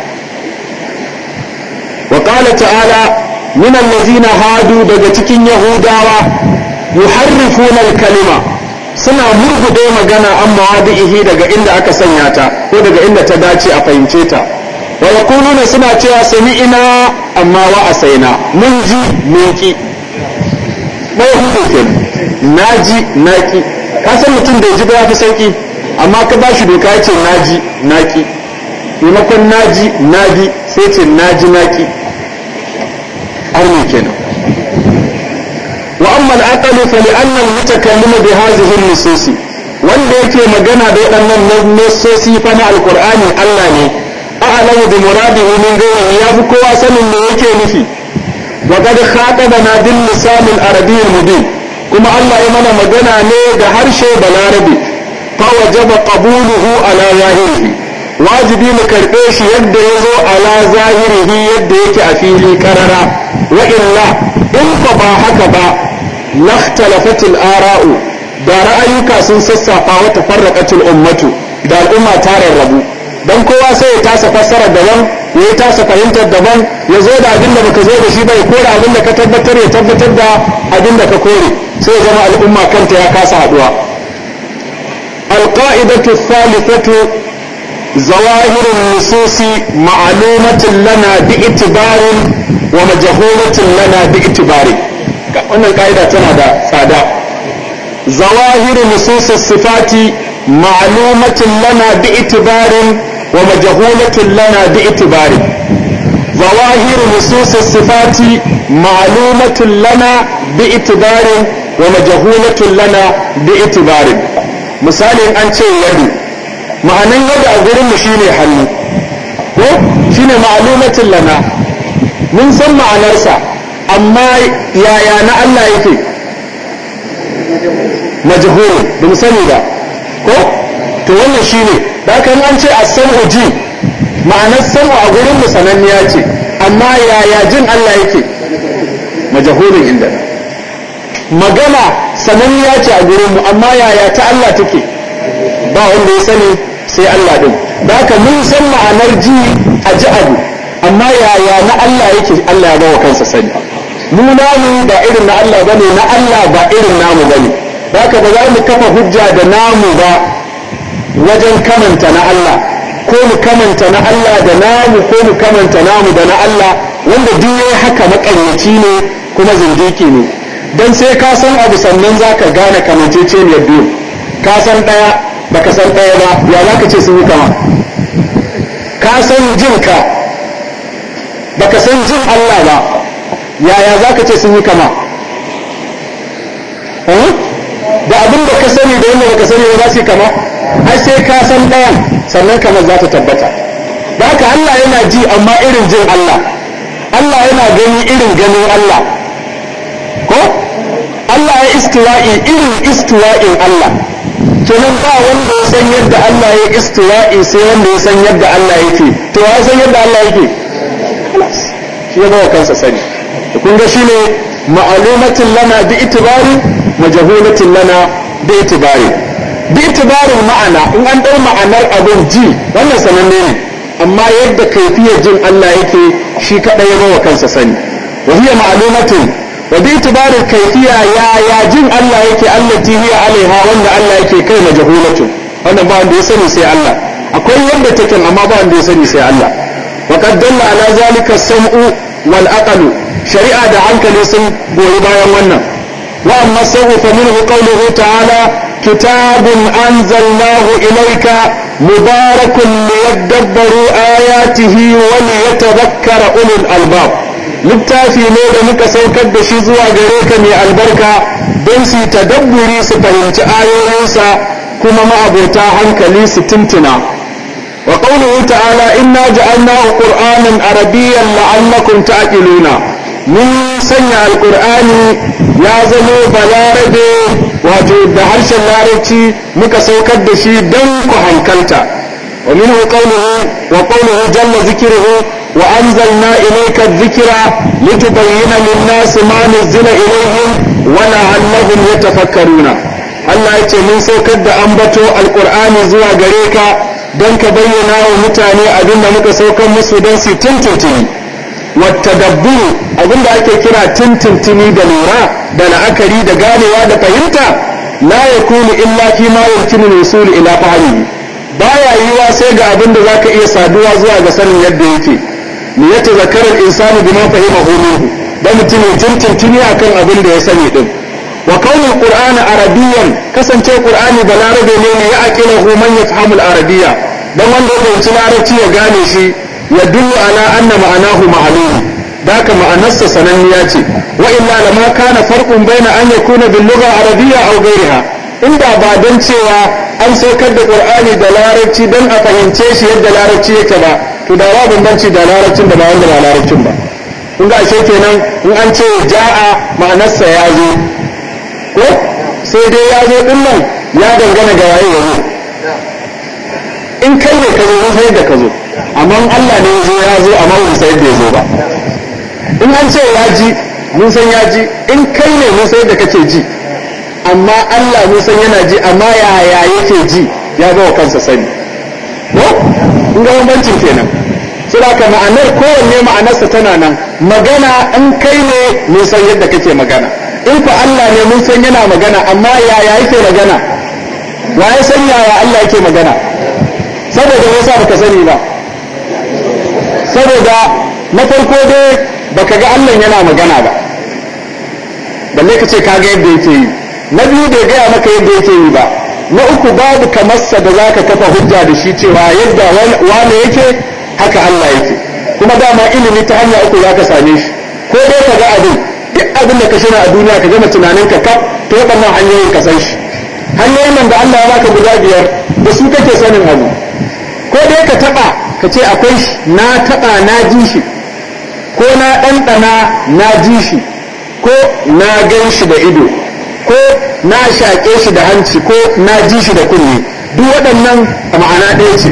wa qala ta'ala min allazina hadu daga cikin yahudawa yuharrifuna kalima suna murgude magana an mawadihi daga inda aka sanya ta ko daga inda ta dace a fahimce ta wa yaquluna suna cewa sami'ina amma wa asaina mun ji mun ki mai hukukin naji naki ka san mutum da ji ba fi sauki amma ka bashi doka ya ce naji naki maimakon naji nabi sai ce naji naki arme kenan amma al'aqalu fa li'anna al-mutakallim bi hadhihi an-nusus wanda yake magana da waɗannan nassosi fa na alqur'ani Allah ne a'lamu bi muradihi min ghayri ya fi kowa sanin me yake nufi wa qad khatabana bil lisan al-arabiy mubin kuma Allah ya mana magana ne da harshe balarabi fa wajaba qabuluhu ala zahirihi wajibi mu karɓe shi yadda ya zo ala zahirihi yadda yake a fili karara wa illa in fa ba haka ba laftalafatil ara'u da ra'ayuka sun sassafa wata farraƙatul ummatu da al'umma ta rarrabu don kowa sai ya tasa fassara daban ya yi tasa fahimtar daban ya zo da abin da baka zo da shi ba ya kore abin da ka tabbatar ya tabbatar da abin da ka kore sai ya zama al'umma kanta ya kasa haɗuwa alƙa'idatu thalithatu zawahirun nususi ma'alumatin lana bi itibarin wa majahulatin lana bi itibarin wannan ka'ida tana da tsada zawahiru nususus sifati ma'lumatun lana bi itibarin wa majhulatun lana bi itibarin zawahiru nususus sifati ma'lumatun lana bi itibarin wa majhulatun lana bi itibarin misalin an ce yadu ma'anan yadu a gurinmu mu shine hannu ko shine ma'lumatun lana mun san ma'anarsa amma yaya na Allah yake majhul bin mu sani ba ko to wannan shine da kan an ce as-sam'u ji ma'anar sam'u a gurin mu sananniya ce amma yaya jin Allah yake majhulun inda magana sananniya ce a gurin mu amma yaya ta Allah take ba wanda ya sani sai Allah din da haka mun san ma'anar ji a ji abu amma yaya na Allah yake Allah ya ga wa kansa sani mu namu ba irin na Allah bane na Allah ba irin namu bane baka ba za mu kafa hujja da namu ba wajen kamanta na Allah ko mu kamanta na Allah da namu ko mu kamanta namu da na Allah wanda duk yayi haka makanyaci ne kuma zindiki ne dan sai ka san abu sannan zaka gane kamanceceniyar biyu ka san daya baka san daya ba ya zaka ce sun yi kama ka san jinka baka san jin Allah ba yaya za ka ce sun yi kama eh? da abin da ka sani da wanda ba ka sani ba za su yi kama ai sai ka san ɗayan sannan kamar za ta tabbata da haka Allah yana ji amma irin jin Allah Allah yana gani irin ganin Allah ko Allah ya istiwa'i irin istiwa'in Allah kenan ba wanda ya san yadda Allah ya istiwa'i sai wanda ya san yadda Allah yake to ya san yadda Allah yake shi ya bawa kansa sani kun ga shine ma'lumatin lana bi itibari majhulatin lana bi itibari bi itibarin ma'ana in an dau ma'anar abin ji wannan sananne ne amma yadda kaifiyar jin Allah yake shi kadai ya bawa kansa sani wa hiya ma'lumatin wa bi itibarin kaifiya ya ya jin Allah yake allati hiya alaiha wanda Allah yake kai majhulatun wannan ba wanda ya sani sai Allah akwai wanda take amma ba wanda ya sani sai Allah wa qad ala zalika sam'u wal'aƙalu shari'a da hankali sun goyi bayan wannan wa amma kitabun fa minhu qawluhu ta'ala كتاب ya إليك مبارك wani ya وليتذكر أولو الألباب littafi ne da muka saukar da shi zuwa gare ka mai albarka don su dabburi su fahimci ayoyinsa kuma ma'abota hankali su tuntuna وقوله تعالى إنا جعلناه قرآنا عربيا لعلكم تعقلون من سنة القرآن يا زمو بلاربي وجود هرش اللاربتي مك سوكد شي دنك هنكلتا ومنه قوله وقوله جل ذكره وأنزلنا إليك الذكر لتبين للناس ما نزل إليهم ولعلهم يتفكرون Allah ya ce mun saukar da ambato alkur'ani zuwa gare ka don ka bayyana wa mutane abin da muka saukan musu don su tuntuntuni wata dabburu abin da ake kira tuntuntuni da lura da la'akari da ganewa da fahimta la ya kuni illa fi ma yumkinu wusul ila fahimi baya yiwa sai ga abin da za ka iya saduwa zuwa ga sanin yadda yake yata zakarar insani bi bima fahimahu minhu da mutum ya tuntuntuni akan abin da ya sani din wa kaunin qur'ana arabiyan kasance qur'ani larabe ne ne ya aqilahu man yafhamu al-arabiyya dan wanda ya fahimci larabci ya gane shi ya dullu ala anna ma'anahu ma'lum daka ma'anarsa sananniya ce wa illa lama kana farqun baina an yakuna bil lugha arabiyya aw ghayriha inda ba dan cewa an saukar da qur'ani da larabci dan a fahimce shi yadda larabci yake ba to da ba bambanci da larabcin da ba wanda ba larabcin ba kun ga ashe kenan in an ce ja'a ma'anarsa ya zo sai dai ya zo din nan ya dangana ga waye ya zo in kai ne ka zo mun sai da ka zo amma Allah ne zo ya zo amma mun sai da zo ba in an ce ya ji mun san ya ji in kai ne mun yadda da kake ji amma Allah mun san yana ji amma yaya yake ji ya ga kansa sani ko in ga bambancin kenan ka ma'anar kowanne ma'anarsa tana nan magana in kai ne mun san yadda kake magana in ku Allah ne mun san yana magana amma yaya yake magana wa ya san wa Allah yake magana saboda wasa baka sani ba saboda na farko dai baka ga Allah yana magana ba balle ka ce kaga yadda yake yi na biyu bai gaya maka yadda yake yi ba na uku babu kamarsa da zaka kafa hujja da shi cewa yadda wane yake haka Allah yake kuma dama ilimi ta hanya uku zaka same shi ko dai ka ga abin abin da ka shirya a duniya ka gama tunanin ka to ta waɗannan hanyoyin ka san shi hanyoyin nan da Allah ya ka guda biyar da su kake sanin abu ko dai ka taɓa ka ce akwai shi na taɓa na ji shi ko na ɗanɗana na ji shi ko na gan shi da ido ko na shaƙe shi da hanci ko na ji shi da kunne duk waɗannan a ma'ana ɗaya ce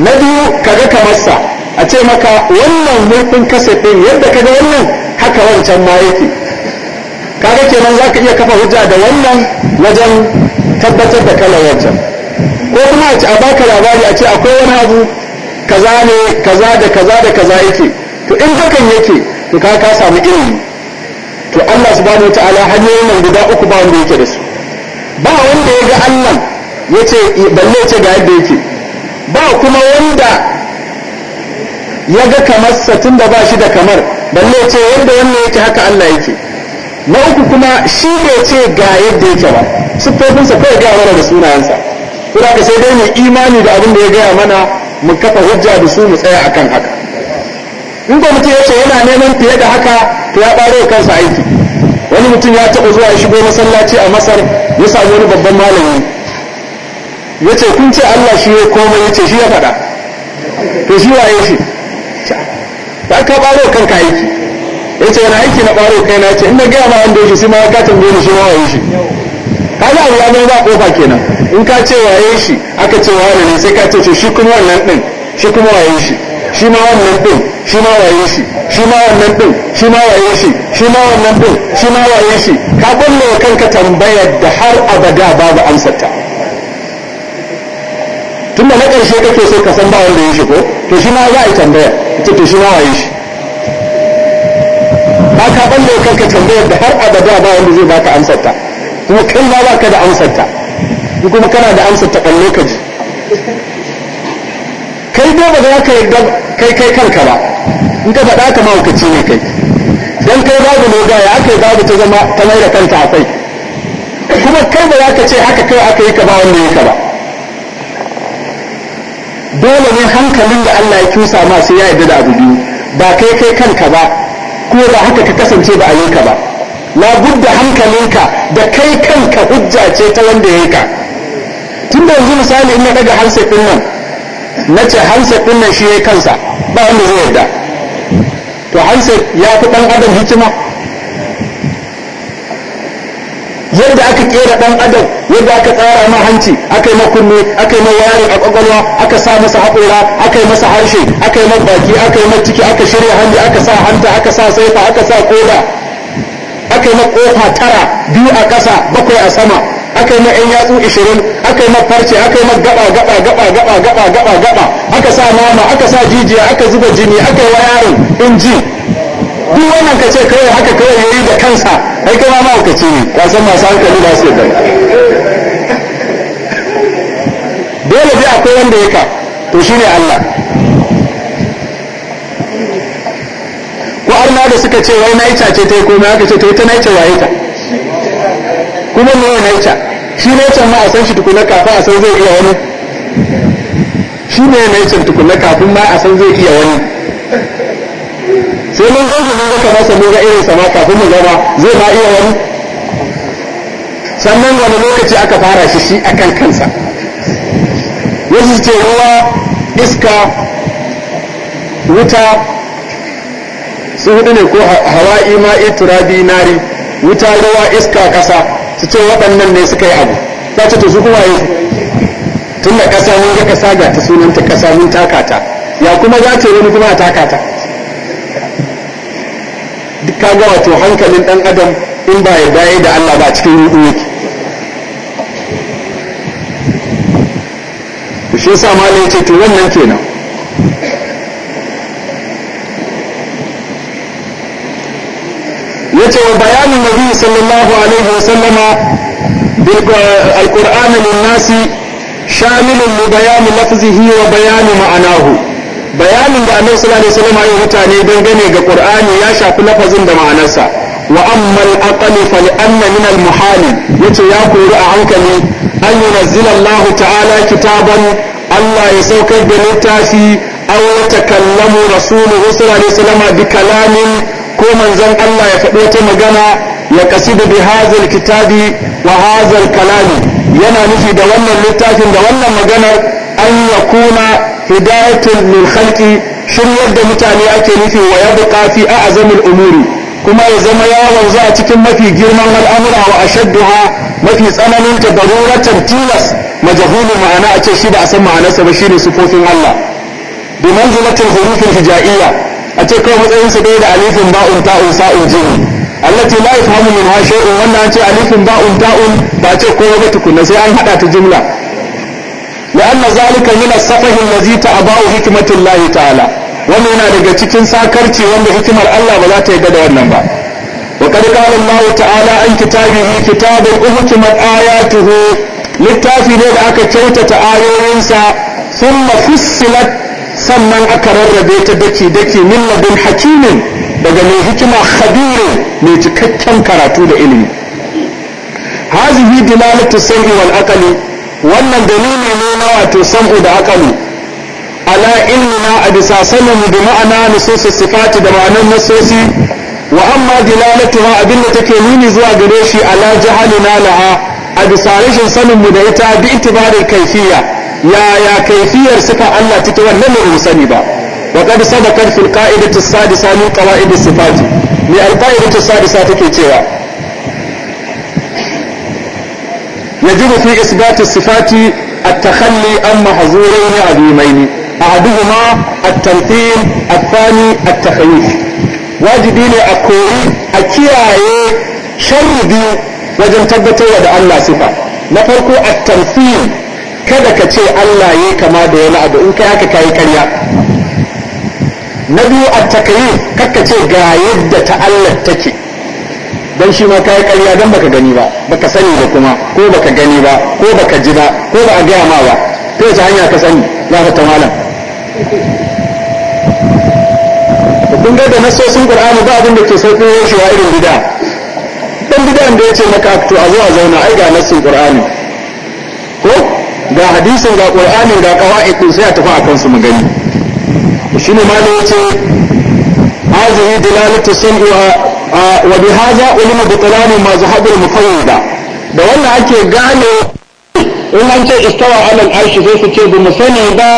na biyu ka ga kamarsa a ce maka wannan mulkin kasafin yadda ka ga wannan haka wancan ma yake kaga kenan za ka iya kafa hujja da wannan wajen tabbatar da kalar wancan ko kuma a ce a baka labari a ce akwai wani abu kaza ne kaza da kaza da kaza yake to in hakan yake to ka ka samu ilimi to Allah subhanahu wataala hanyoyin nan guda uku ba wanda yake da su ba wanda ya ga Allah yace balle ce ga yadda yake ba kuma wanda ya ga kamar satin da ba shi da kamar balle ce yadda wannan yake haka Allah yake na uku kuma shi bai ce ga yadda yake ba siffofinsa kawai gaya mana da sunayensa kuma ka sai dai mu imani da abin da ya gaya mana mu kafa hujja da su mu tsaya akan haka in ba mutum ya ce yana neman fiye da haka to ya ɓare kansa aiki wani mutum ya taɓa zuwa ya shigo masallaci a masar ya sami wani babban malami ya ce kun ce Allah shi ya komai ya ce shi ya faɗa to shi waye shi ta ka baro kanka aiki ya ce wani aiki na baro kai na ce in na gaya ma wanda yake sai ma ka tambaye ni shi ma waye shi ka ga abu ya zama ba kofa kenan in ka ce waye shi aka ce wani ne sai ka ce shi kuma wannan ɗin, shi kuma waye shi shi ma wannan ɗin, shi ma waye shi shi ma wannan ɗin, shi ma waye shi shi ma wannan din shi ma waye shi ka kulle wa kanka tambayar da har abada babu amsar ta tunda na ƙarshe kake so ka san ba wanda ya shi ko to shi ma za a yi tambaya ita shi nawa yi shi ba ka balle kanka tambayar da har abada ba wanda zai baka amsar ta kuma kai ma baka da amsar ta kuma kana da amsar ta balle ka ji kai dai ba za ka yarda kai kai kanka ba in ka faɗa ka mahaukaci ne kai dan kai babu loga ya aka yi babu ta zama ta mai da kanta a kai kuma kai ba za ka ce haka kai aka yi ka ba wanda ya ka ba dole ne hankalin da Allah ya cusa ma sai ya yarda da abu biyu ba kai kai kanka ba ko ba haka ka kasance ba a yi ka ba hankalinka da kai kanka hujja ce ta wanda ya yi ka tun da yanzu misali in na daga harshe ɗin nan na ce harshe nan shi ya kansa ba wanda zai yarda to harshe ya fi ɗan adam hikima yadda aka kera ɗan adam yadda aka tsara ma hanci aka yi makunne aka yi wayarin a kwakwalwa aka sa masa haƙura aka yi masa harshe aka yi baki aka yi ciki aka shirya hanji aka sa hanta aka sa saifa aka sa koda aka yi kofa tara biyu a ƙasa bakwai a sama aka yi ma yatsu ishirin aka yi farce aka yi gaba gaba gaba gaba gaba gaba gaba aka sa nama aka sa jijiya aka zuba jini aka yi wayarin inji duk wannan ka ce kawai haka kawai yayi da kansa kai kai ma ma ka ce ne ka san masu hankali ba su da dole sai akwai wanda ya ka to shine Allah ko arna da suka ce wai na ce ta yi komai aka ce to ita na waye ta kuma ne na ita shi ne can ma a san shi tukuna kafin a san zai iya wani shi ne na ita tukuna kafin ma a san zai iya wani sai mun gansu zai ga masa mun ga irin sama kafin mu gaba zai ma iya wani sannan wani lokaci aka fara shi shi akan kansa wasu ce ruwa iska wuta su hudu ne ko hawa'i ma'i turabi nari wuta ruwa iska ƙasa su ce waɗannan ne suka yi abu ta ce to su kuma yi tun da ƙasa mun ga ƙasa ga ta sunanta ƙasa mun takata ya kuma za ta wani kuma a takata duk ka ga wato hankalin ɗan adam in ba ya da Allah ba cikin yi yake shi yasa ya ce to wannan kenan yace wa bayanin nabi sallallahu alaihi wasallam bil eh, alquran lin nasi shamilun lafzihi wa bayan ma'anahu bayanin da annabi sallallahu alaihi wasallam ya mutane dangane ga qur'ani ya shafi lafazin da ma'anarsa wa amma al-aqal fa anna min al-muhal yace ya kori a hankali an yunazzila Allah ta'ala kitaban Allah ya saukar da littafi wata kallamu rasuluhu sallallahu alaihi wasallam bi kalamin ko manzon Allah ya faɗi wata magana ya kasi da hazal kitabi wa hazal kalami yana nufi da wannan littafin da wannan maganar an yakuna hidayatun lil khalqi shiryar da mutane ake nufi wa yabqa fi azamin umuri kuma ya zama yawon wanzu a cikin mafi girman al'amura wa ashadduha mafi tsananin ta tilas majahulun ma'ana a ce shi ba a san ma'anarsa ba shine sifofin Allah bi manzilatil hurufin hijaiya a ce kawai matsayin su dai da alifin ba'un ta'un sa'un jin allati la yafhamu min ha shay'un wannan ce alifin ba'un ta'un ba ce kowa ba tukunna sai an hada ta jumla la'anna zalika min as a allazi ta'ba'u hikmatullahi ta'ala wannan yana daga cikin sakarci wanda hikimar Allah ba za ta yarda da wannan ba وقد قال الله تعالى عن كتابه كتاب أهتمت آياته littafi ne da aka kyautata ayoyinsa sun mafussilat sannan aka rarrabe ta daki-daki min ladun hakimin daga mai hikima khabirin mai cikakken karatu da ilimi hazihi dilalatu sam'i wal aqli wannan dalili ne na wato sam'u da aqli ala ilmina a bisa sanin bi ma'ana nusus sifati da ma'anar nasosi wa amma dilalatuha abinda take nuni zuwa gare shi ala jahalina laha a bisa rashin sanin mu da ita bi itibarin kaifiya yaya kaifiyar sifa Allah take wannan ne mu sani ba wa qad sadaqa fil qa'idati sadisa min qawaid as-sifati al-qa'idatu sadisa take cewa yajibu fi isbati sifati at-takhalli an mahzurayn azimayn ahaduhuma at a ath-thani at-takhayif wajibi ne a koyi a kiyaye sharri biyu wajen tabbatarwa da Allah sifa na farko a tamthil kada ka ce Allah ya kama da wani abu in kai haka kai karya. na biyu a takayi kakka ce ga yadda ta Allah take Don shi ma kayi karya dan baka gani ba baka sani ba kuma ko baka gani ba ko baka ji ba ko ba a gaya ma ba ta wace hanya ka sani za ka ta malam kun ga da nasosin qur'ani ba abin da ke sauƙin yashewa irin gida dan bidan da yace maka to a zo a zauna ai ga nassin qur'ani ko ga hadisin ga qur'ani ga qawaidin sai a tafi a su mu gani shine malai yace هذه دلالة السمع وبهذا علم بطلان ma zahabul mufawwida da wannan ake gane in an ce istawa alal arshi sai su ce bin sani ba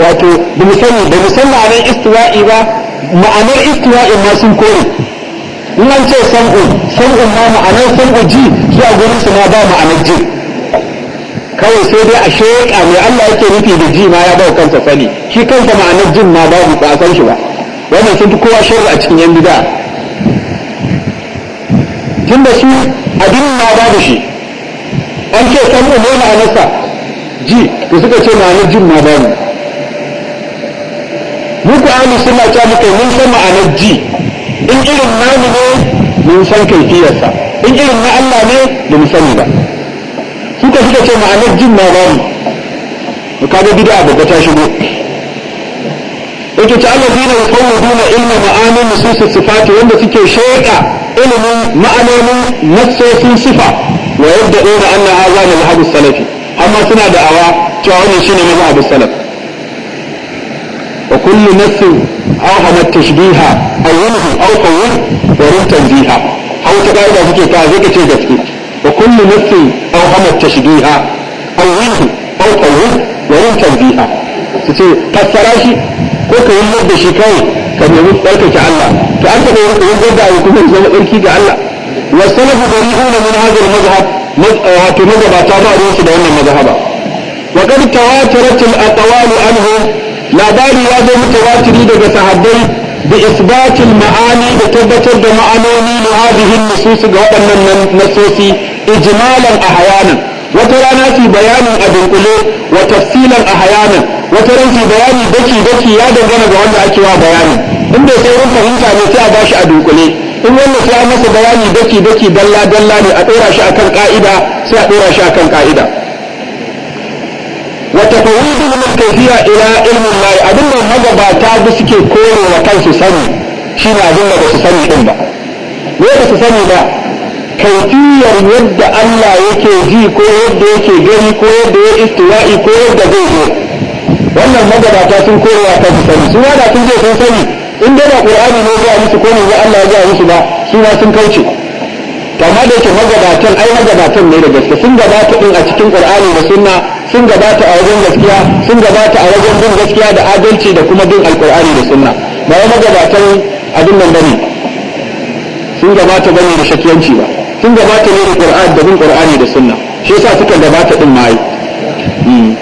wato bin sani bamu san ne istiwa'i ba ma'anar istiwa'i ma sun kore in an ce sam'u sam'u ma ma'anar sam'u ji zuwa gurin su ma ba ma'anar ji kawai sai dai a sheƙa mai Allah yake nufi da ji ma ya ba kansa sani shi kansa ma'anar jin ma ba mu san shi ba wannan sun fi kowa sharri a cikin yan bida tun da su addinin ma da shi an ce sam'u ne ma'anarsa ji to suka ce ma'anar jin ma mu muku ahli sunna ta muka mun san ma'anar ji in irin namu ne mun san kaifiyarsa in irin na Allah ne da mu sani ba suka suka ce ma'anar jin ma ba mu kaga bid'a babba ta shigo yake ce Allah zina wa qawluna ilma ma'anin nusus sifati wanda suke sheka ilimin ma'anonin nassosin sifa wa yadda ina anna hadha min salafi amma suna da awa cewa ne shine mazhabus salaf كل نفس أوهمت تشبيها أولها أو قوة ورم تنزيها أو تقاعدة فكي كاذيك تيجتك وكل نفس أوهمت تشبيها أولها أو قوة ورم تنزيها تتي فسراشي كوكا يمد شكاية كان يقول ذلك تعالى فأنت يقول ذلك يكون زمن إركي تعالى والسلف بريئون من هذا المذهب آه، في مذهب أتابع روسي بأن المذهب وقد تواترت الأقوال عنه labari ya zo mutawatiri daga sahabbai da isbatul ma'ani da tabbatar da ma'anoni na hadihin nusus ga waɗannan nasosi ijmalan ahyanan wata rana su bayanin a dunkule wa tafsilan ahyanan wata ran su bayani daki daki ya dangana ga wanda ake wa bayani in bai saurin fahimta ne sai a bashi a dunkule in wannan sai masa bayani daki daki dalla dalla ne a ɗora shi akan ka'ida sai a ɗora shi akan ka'ida وتفويض من الكيفية إلى علم الله أظن هذا باتا بسكي كورو وكان سسني شين أظن بسسني إنبا ليه بسسني لا كيفية يبدأ الله يكي جي كو يبدأ يكي جري كو يبدأ استوائي كو يبدأ جوجو wannan magabata sun korewa ta su sani su da sun je sun sani in dai ba qur'ani ne zuwa musu ko ne Allah ya musu ba su ma sun kauce kama da yake magabatan ai magabatan ne da gaske sun gabata din a cikin qur'ani da sunna sun gabata a wajen gaskiya sun gabata a wajen bin gaskiya da adalci da kuma bin alkur'ani da sunna ba wai magabatan abin nan bane sun gabata bane da shakiyanci ba sun gabata ne da qur'ani da bin qur'ani da sunna shi yasa suka gabata din ma hmm.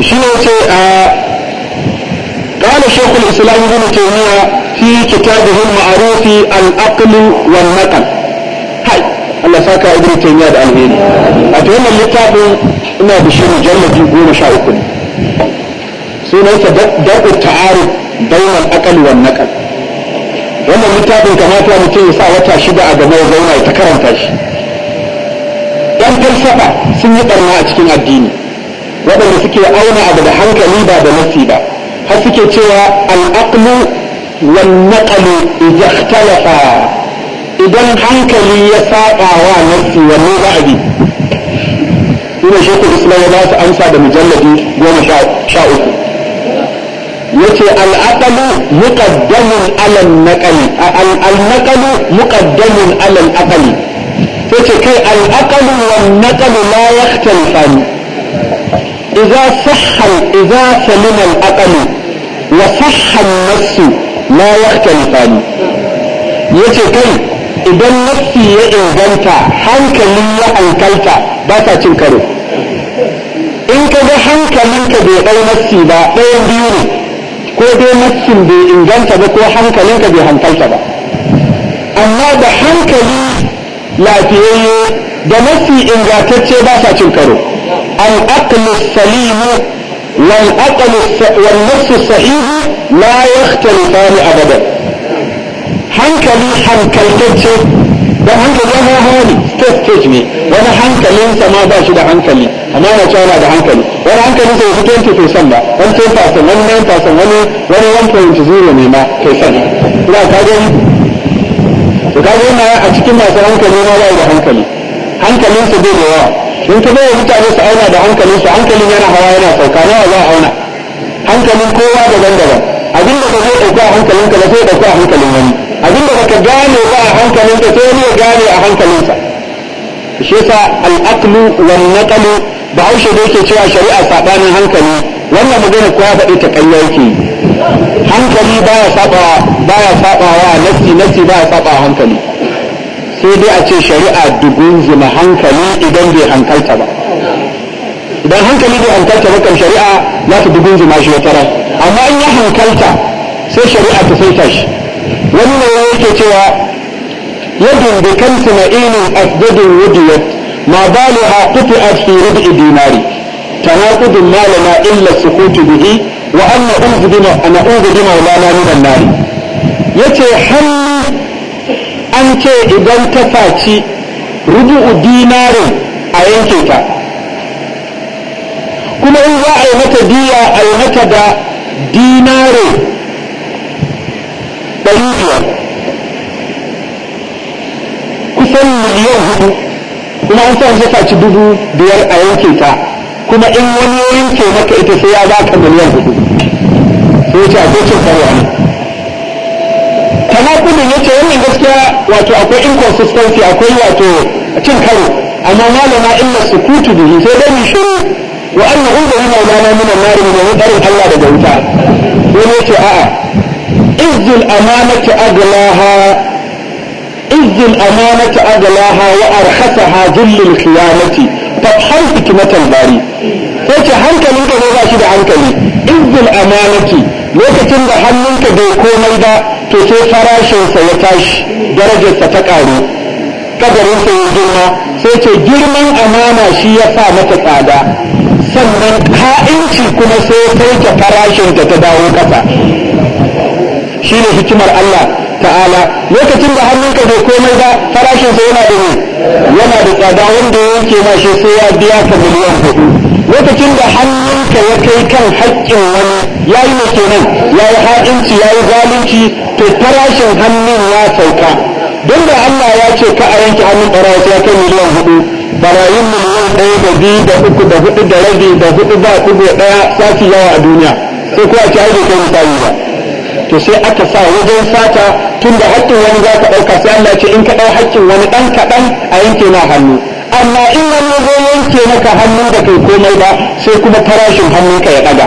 shi ne ce a قال شيخ الإسلام ابن تيمية في كتابه المعروف العقل والنقل Allah saka taymiya da alheri a to wannan littafin ina da shi mujalladi goma sha uku ne sunansa ta'aruf bainal aqal wan naqal wannan littafin kamata mutum ya sa wata shida a gaba ya zauna ya ta karanta shi dan falsafa sun yi barna a cikin addini waɗanda suke auna abu da hankali ba da nasi ba har suke cewa al-aqlu wan naqalu idan hankali ya saƙa wa nafsi wannan za a bi ina shekul islam ya ba su amsa da mujalladi goma sha uku yace al'aqalu muqaddamun ala naqali al-naqalu muqaddamun ala al-aqali yace kai al-aqalu wan naqalu la yakhtalifan idza sahha idza salima al-aqalu wa sahha an-nafs la ya ce kai idan nafi ya inganta hankali ya hankalta ba sa cin karo in ka ga hankalinka bai ɗau nassi ba ɗayan biyu ne ko dai nassin bai inganta ba ko hankalinka bai hankalta ba amma da hankali lafiyayye da nassi ingantacce ba sa cin karo العقل السليم والعقل والنفس الصحيح لا يختلفان abada. hankali hankaltacce don hankali ya hawa ne stage stage ne wani hankalinsa ma ba shi da hankali amma yana cewa da hankali wani hankali sai su 20% ba wani 10% wani 9% wani wani 1.0 ne ma san. ina ka gani to ka gani a cikin masu hankali ma ba da hankali Hankalinsa bai da yawa in ka bai mutane su auna da hankalinsu hankalin yana hawa yana sauka nawa za a auna hankalin kowa daban-daban abin da ka zai ɗauka a hankalinka da zai ɗauka hankalin wani abin baka gane ba a ka sai ne ya gane a hankalinsa shi yasa al'aqlu wal naqlu ba haushe da yake cewa shari'a sabanin hankali wannan magana ko ya faɗi ta kanya yake hankali baya saba baya sabawa nafsi nafsi baya saba hankali sai dai a ce shari'a zuma hankali idan bai hankalta ba idan hankali bai hankalta ba kan shari'a za ta zuma shi wata ran amma in ya hankalta sai shari'a ta saita shi Wannan ya yake cewa yadin bi kamsi inin asgadin wujiyar ma baluha quti'at fi rub'i dinari تناقض المال ما إلا السكوت به وأن أعوذ بما wula na بمولانا من Ya ce hannu an ce idan ta faci rubu'u dinarin a yanke ta kuma in za a yi mata diya a yi mata da dinare ɗari biyar kusan miliyan hudu kuma an san zafa ci dubu biyar a yanke ta kuma in wani ya yanke maka ita sai ya baka miliyan hudu sai ce akwai cin karo ne kudin ya ce wannan gaskiya wato akwai inconsistency akwai wato cin karo amma malama illa sukutu bihi sai dai mu shiru wa na gana minan min an-nar min Allah daga wuta wani ya ce a'a إذ الأمانة أغلاها إذ ya أغلاها وأرخصها ذل الخيانة فابحر حكمة ta فأنت حنك لنك هو راشد عنك لي إذ الأمانة lokacin da hannunka bai komai ba to sai farashinsa ya tashi darajarsa ta ƙaru kadarinsa ya girma sai ce girman amana shi ya sa mata tsada sannan ha'inci kuma sai sai ta farashinta ta dawo ƙasa Shi ne hikimar Allah ta'ala lokacin da hannunka bai komai ba farashinsa yana da yana da tsada wanda yake ma shi sai ya biya ka miliyan hudu lokacin da hannunka ya kai kan haƙƙin wani ya yi kenan ya yi ha'inci ya yi zalunci to farashin hannun ya sauka don da Allah ya ce ka a yanke hannun ɓarawa sai ya kai miliyan hudu barayin miliyan ɗaya da biyu da uku da hudu da rabi da hudu ba ɗaya sati yawa a duniya sai kuwa ce ai bai kai misali ba to sai aka sa wajen sata tunda da haƙƙin wani za ka ɗauka sai Allah ce in ka ɗau haƙƙin wani ɗan kaɗan a yanke na hannu amma in wani zo yanke maka hannun da kai komai ba sai kuma farashin hannun ka ya ɗaga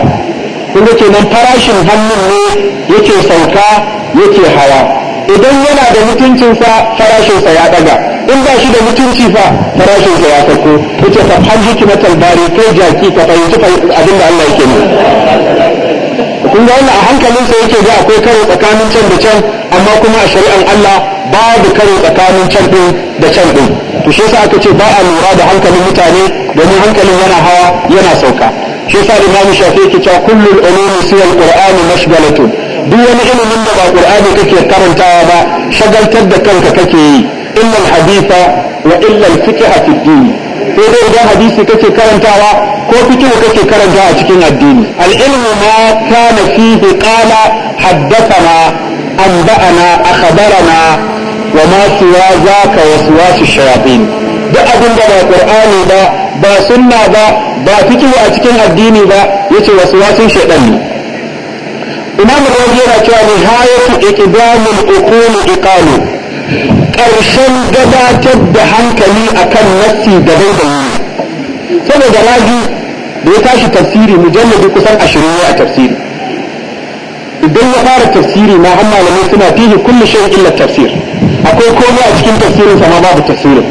kun kenan farashin hannun ne yake sauka yake hawa idan yana da mutuncinsa farashinsa ya ɗaga in ba shi da mutunci fa farashinsa ya sauko yace fa hajji na bari kai jaki ka fahimci abin da Allah yake ne kun ga wannan a hankalin sa yake ga akwai karo tsakanin can da can amma kuma a shari'ar Allah babu karo tsakanin can din da can din to shi yasa aka ce ba a lura da hankalin mutane domin hankalin yana hawa yana sauka shi yasa Imam Shafi yake cewa kullul ulumi siyal qur'ani mashghalatun duk wani ilimin da ba qur'ani kake karantawa ba shagaltar da kanka kake yi illa al wa illa al-fiqha fi din ko dai idan hadisi kake karantawa ko fikihu kake a cikin addini al-ilmu ma kana fihi qala haddathana anba'ana akhbarana wa ma siwa zaka waswasu shayatin duk abin da ba qur'ani ba ba sunna ba ba fikihu a cikin addini ba yace waswasin shaytan ne imam rawi yana cewa hayatu iqdamul uqul iqalu ƙarshen gabatar da hankali akan nassi gaban da yi saboda ragi da ya tashi tafsiri mujalladi kusan ashirin a tafsiri idan ya fara tafsiri ma har malamai suna fihi kullum shan illa tafsir akwai komai a cikin tafsirin sama, babu tafsirin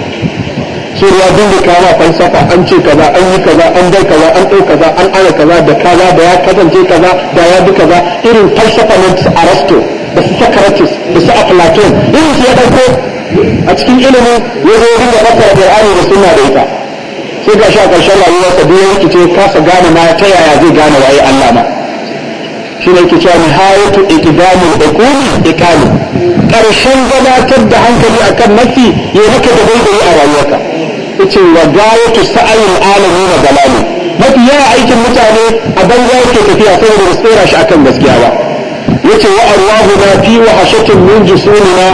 so ya dinga kama falsafa an ce kaza an yi kaza an dai kaza an dau kaza an ana kaza da kaza da ya kasance kaza da ya bi kaza irin falsafa na arasto da su Socrates da su Platon irin su ya ɗauko a cikin ilimi ya zo rinda ɗaukar Qur'ani da suna da ita sai ga shi a ƙarshen rayuwarsa duk ya rikice kasa gane ma ta yaya zai gane waye Allah ma shi ne ke cewa nihayatu iqdamul uquli iqalu ƙarshen gabatar da hankali akan nafi ya maka da gaibayi a rayuwarka yace wa gayatu sa'ayil alamin na dalali mafi yawa aikin mutane a banza yake tafiya saboda ba su tsora shi akan gaskiya ba yace wa na fi wahashatin min jusunina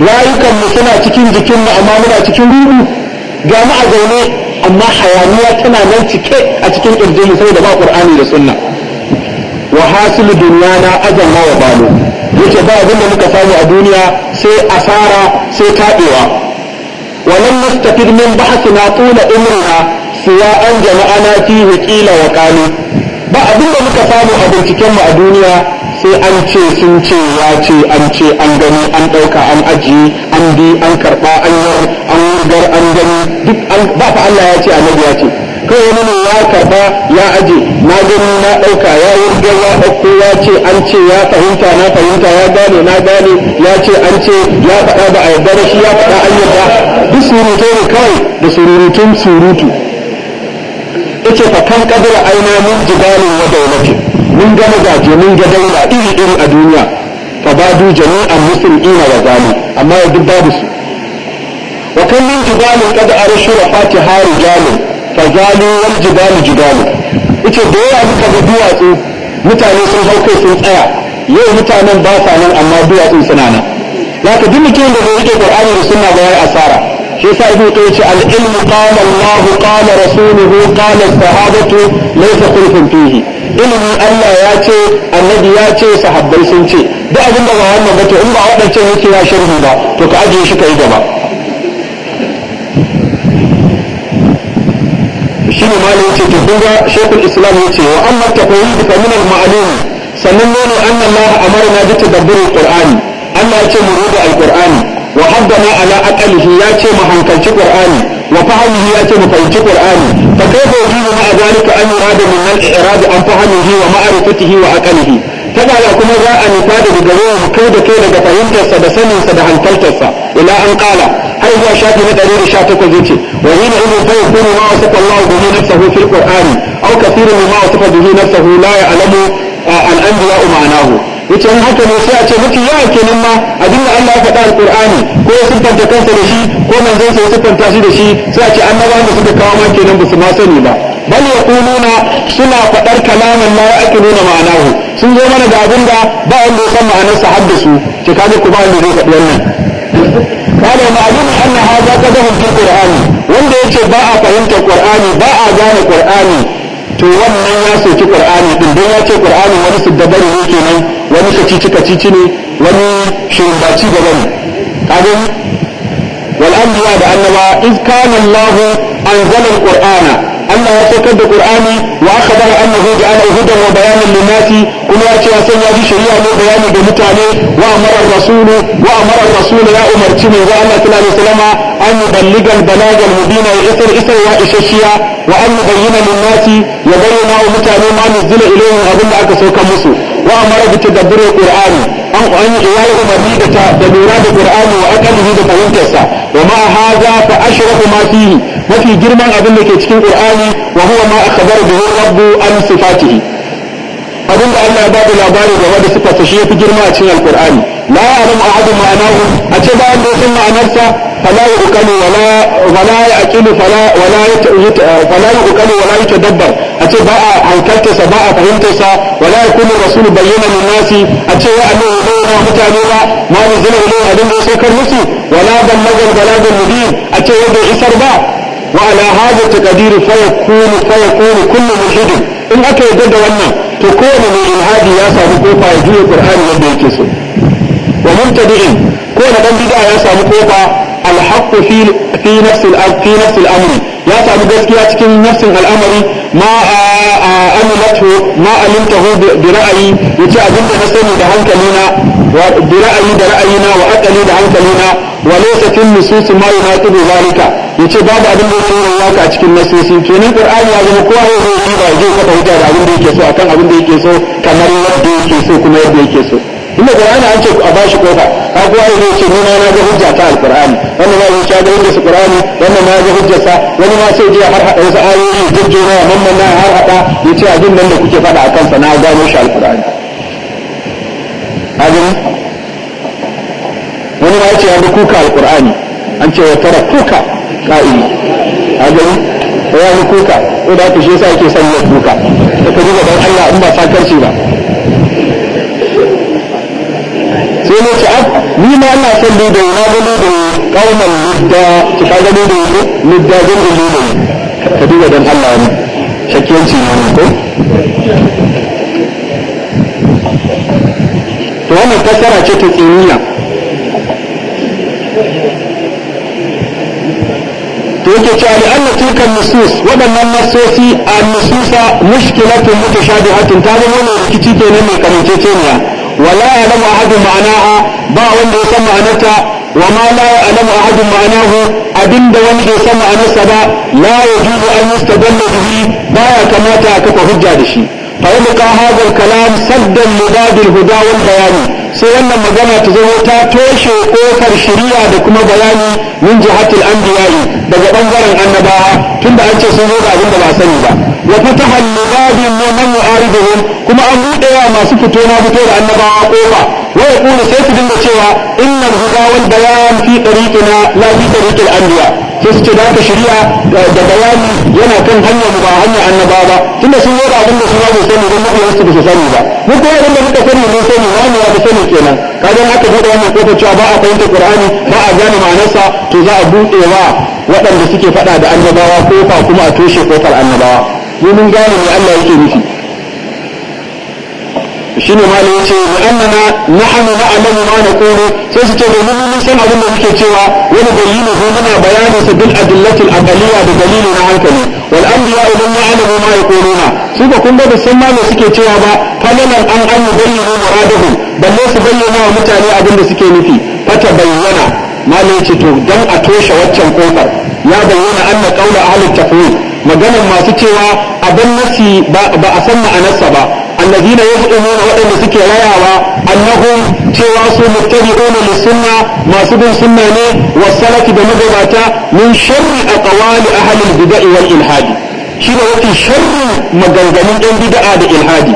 rayukan mu suna cikin jikin mu amma muna cikin ruhu ga mu a zaune amma hayaniya tana nan cike a cikin kirjin mu saboda ba qur'ani da sunna wa hasil dunyana ajan ma wa balu yace ba abin da muka samu a duniya sai asara sai tabewa wa lam nastafid min bahthina tula umrina siwa an jama'ana fihi wa ba abin da muka samu a mu a duniya sai an ce sun ce ya ce an ce an gani an ɗauka an ajiye an bi an karɓa an yi an wurgar an gani duk ba fa Allah ya ce annabi ya ce kawai wani ne ya karɓa ya aje na gani na ɗauka ya wurgar ya ɗauko ya ce an ce ya fahimta na fahimta ya gane na gane ya ce an ce ya faɗa ba a yarda da shi ya faɗa an yarda duk surutu ne da surutun surutu yake fa kan qadara aymanu jibalin wa dawlatin mun ga mazaje mun ga daura iri iri a duniya fa badu jami'an muslimina wa zali amma ya duk babu su wa kan min jibalin qad arshu fatiha rijalun fa zalu wal jibalu jibalu yace da ya muka ga duwatsu mutane sun hau kai sun tsaya yau mutanen ba sa nan amma duwatsun suna nan zaka duk mutum da zai rike qur'ani da sunna ga asara shi yasa ibnu ta yace al ilmu qala Allah qala rasuluhu qala sahabatu ilimin Allah ya ce annabi ya ce sahabbai sun ce duk abin da ba wannan ba to in ba wadancan yake ya sharhu ba to ka ajiye shi kai gaba shi ne malin ce to kun ga shekul islam ya ce wa amma taqwid fa min al ma'lum sannan ne anna amara na bi tadabbur al qur'ani Allah ya ce mu ruba al qur'ani wa haddana ala aqalihi ya ce mu hankalci kur'ani. wa fahmihi ya ce mu fahimci qur'ani fa kaifa yujibu ma zalika an yurada min al-i'rad an fahmihi wa ma'rifatihi wa aqalihi kada ya kuma za a nufa da gare mu kai da kai daga fahimtarsa da saninsa da hankaltarsa ila an qala har zuwa shafi na 118 yace wa hina ibn fa yakunu ma wasafa Allah bihi nafsahu kur'ani. qur'ani aw kathirun ma wasafa bihi nafsahu la ya'lamu al-anbiya yace in haka ne sai a ce mafi yawa kenan ma abinda Allah ya faɗa alqur'ani ko ya siffanta kansa da shi ko manzon sa ya siffanta shi da shi sai a ce annabawan da suka kawo ma kenan ba su ma sani ba bal yaquluna suna faɗar kalaman la yaquluna ma'anahu sun zo mana da ba ba wanda ya san ma'anar sa haddasu ce kaje ku ba da zai faɗi wannan قال معلوم أن هذا قدهم في القرآن wanda ce ba a fahimtar ƙur'ani ba a gane ƙur'ani to wannan ya soki ƙur'ani din don ya ce ƙur'ani wani su ne kenan wani kacici kacici ne wani shirbaci gaba ne kaga wal da annaba iz kana Allah anzala al Allah ya saukar da Qur'ani wa akhbara annahu ana hudan wa bayanan lin kuma ya ce ya sanya shi shari'a ne bayani da mutane wa amara ar wa amara ya umarci ne wa Allah sallallahu alaihi an yuballiga al-balagha al-mubina ya isar isar wa ishashiya wa an yubayyana lin ya bayyana wa mutane ma nuzila abin da aka sauka musu wa amara bi tadabburi qur'ani an an ya umarni da ta da lura da qur'ani wa aqalihi da fahimtarsa wa ma hadha fa ashrafu ma fihi mafi girman abin da ke cikin qur'ani wa huwa ma akhbara bihi rabbu an sifatihi abin da Allah ya ba da labari game da sifarsa shi yafi girma a cikin alqur'ani la ya'lamu ahadun ma'anahu a ce bayan wanda san ma'anarsa فلا يؤكل ولا ولا يأكل فلا ولا يت فلا يؤكل ولا يتدبر أتي باء هنكلت سباء فهمت سا ولا يكون الرسول بينا للناس أتي وأنه يدعونا متعلونا ما نزل إليه أدم يسكر نسي ولا بلغ البلاغ المبين أتي يدعو عسر باء وعلى هذا التقدير فيكون فيكون كل ملحد إن أكل جد وانا تكون من هذه يا صاحب كوفا يجوي القرآن يدعو كسو ومبتدئين كون بندعي يا صاحب كوفا alhaqqu fi fi nafsi fi ya sami gaskiya cikin nafsin al'amari ma amilatu ma alimtahu bi ra'ayi yace abin da na sani da hankalina wa bi ra'ayi da ra'ayina wa aqali da hankalina wa laysa fi nusus ma yunatibu zalika yace babu abin da yake waka a cikin nasosi kenan qur'ani ya zama kowa ya zo ba zai kafa hujja da abin da yake so akan abin da yake so kamar yadda yake so kuma yadda yake so kuma qur'ani an ce a bashi kofa ka kowa ya ce ni na ga hujja ta alqur'ani wannan ma zai ga su qur'ani wannan ma ga hujja sa wani ma sai ya har wasu ayoyi jujjuna ya mamman har hada ya ce abin nan da kuke faɗa a kansa na gano shi alqur'ani gani wani ma ce ya ga kuka alqur'ani an ce wa tara kuka ka'ili gani ya ga kuka ko da ku shi yasa yake son yin kuka ka ji gaban Allah in ba sa karci ba wani ce a ni ma ina son lido na ga lidda ki ko lidda zan ka duba don Allah ne shakiyanci ne to wannan fassara ce ta tsiniya to yake cewa waɗannan nasosi a nasusa mushkilatun mutashabihatun ta zama wani rikici ne mai kamanceceniya wala ya'lamu ma'ana a ba wanda ya san ma'anarta wa ma la ya'lamu ma'ana ma'anahu abinda wani bai san ma'anarsa ba la yajuzu an yastadalla bihi baya kamata a kafa hujja da shi fa yabqa hadha al-kalam saddan li babil huda wal bayani sai wannan magana ta zama ta toshe kofar shari'a da kuma bayani min jihatil anbiya'i daga bangaren annabawa tunda an ce sun zo da abin da ba sani ba wa fataha libabin min man yu'ariduhum kuma an buɗe wa masu fito na fito da annabawa kofa wa yaqulu sai su dinga cewa innal huda wal bayan fi tariqina la fi tariqil anbiya' sai su ce da haka shirya da bayani yana kan hanyar mu ba hanyar annabawa ba tunda sun yi abin da su ba su sani don mabiyansu ba su sani ba mu kuma abin da muka sani mun sani wani ya fi sani kenan kaga aka buɗe wannan kofar cewa ba a fahimta qur'ani ba a gane ma'anarsa to za a buɗe wa waɗanda suke faɗa da annabawa kofa kuma a toshe kofar annabawa mu mun gane me Allah yake nufi shine malai yace wa annana nahnu na'lamu ma naqulu sai su ce da mun san abin da muke cewa wani dalili ko muna bayani sa bil adillatil aqliya da dalili na hankali wal anbiya idan ya'lamu ma yaquluna su ba kun da san ma suke cewa ba falalan an an bayyana muradahu balle su bayyana wa mutane abin da suke nufi fata bayyana malai yace to dan a toshe waccan kofar ya bayyana anna qawla ahli tafwid maganar masu cewa abin nasi ba a san ma'anarsa ba الذين يزعمون وإن سكي رياوا أنهم تواصوا متبعون للسنة ما سبوا سنة والسلك بمغباتا من شر أقوال أهل البدع والإلحاد شنو وقت شر مغنغنين أن بدعا الإلحاد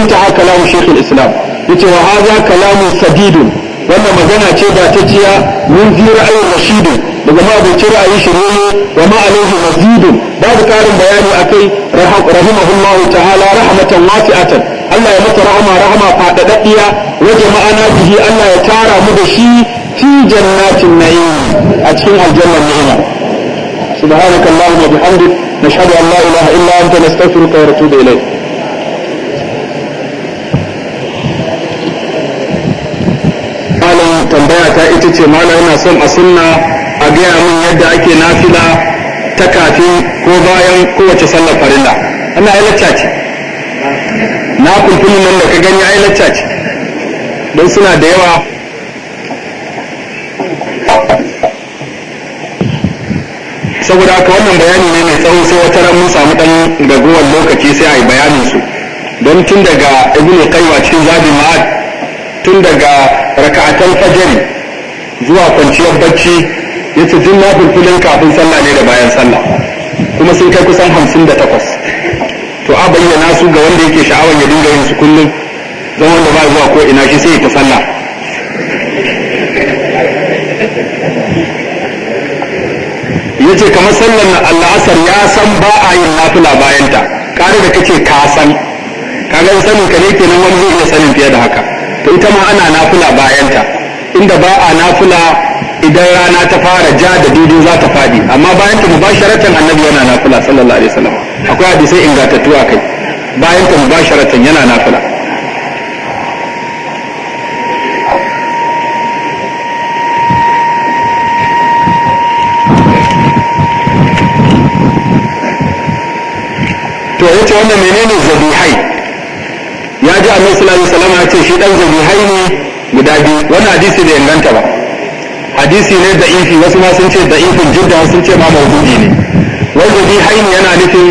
انتهى كلام شيخ الإسلام يتوى هذا كلام سديد wannan magana ce ba ta ciya min fi ra'ayin Rashidun daga ma'abuci ra'ayi shirye wa ma'alaihi masjidin babu karin bayani akai rahimahullahu ta'ala rahmatan wasi'atan Allah ya mata rahama rahama fadadaddiya wa ma'ana bihi Allah ya tara mu da shi fi jannatin na'im a cikin aljannar ni'ima subhanakallahumma bihamdik nashhadu an la ilaha illa anta nastaghfiruka wa natubu ilayk ita ta ce mala yana son a sunna a gaya min yadda ake nafila ta kafin ko bayan kowace sallar farilla ana ai lacca ce na kulkulin nan da ka gani ai lacca ce don suna da yawa saboda aka wannan bayani ne mai tsawo sai wata ran mun samu dan gaguwar lokaci sai a yi bayanin su don tun daga ibnu kaiwa cikin zabi ma'ad tun daga raka'atan fajr zuwa kwanciyar bacci ya ce jin na kafin sallah ne da bayan sallah kuma sun kai kusan hamsin da takwas to a bayyana su ga wanda yake sha'awar ya dinga yin su kullum zan wanda ba zuwa ko ina shi sai ya ta sallah ya ce kamar sallar na al'asar ya san ba a yin nafila bayanta kare da kace ka san kaga sanin ka ne kenan wani zai iya sanin fiye da haka to ita ma ana nafila bayanta inda ba a nafula idan rana ta fara ja da dudu za ta fadi amma bayan ta mubasharatan annabi yana nafula sallallahu alaihi wasallam akwai hadisai ingantattu a kai bayan ta mubasharatan yana nafula to yace wannan menene zabihai ya ji annabi sallallahu alaihi wasallam ya ce shi dan zabihai ne guda biyu wannan hadisi bai inganta ba hadisi ne da ifi wasu ma sun ce da ifin jidda sun ce ma mawdu'i ne wajibi haini yana nufin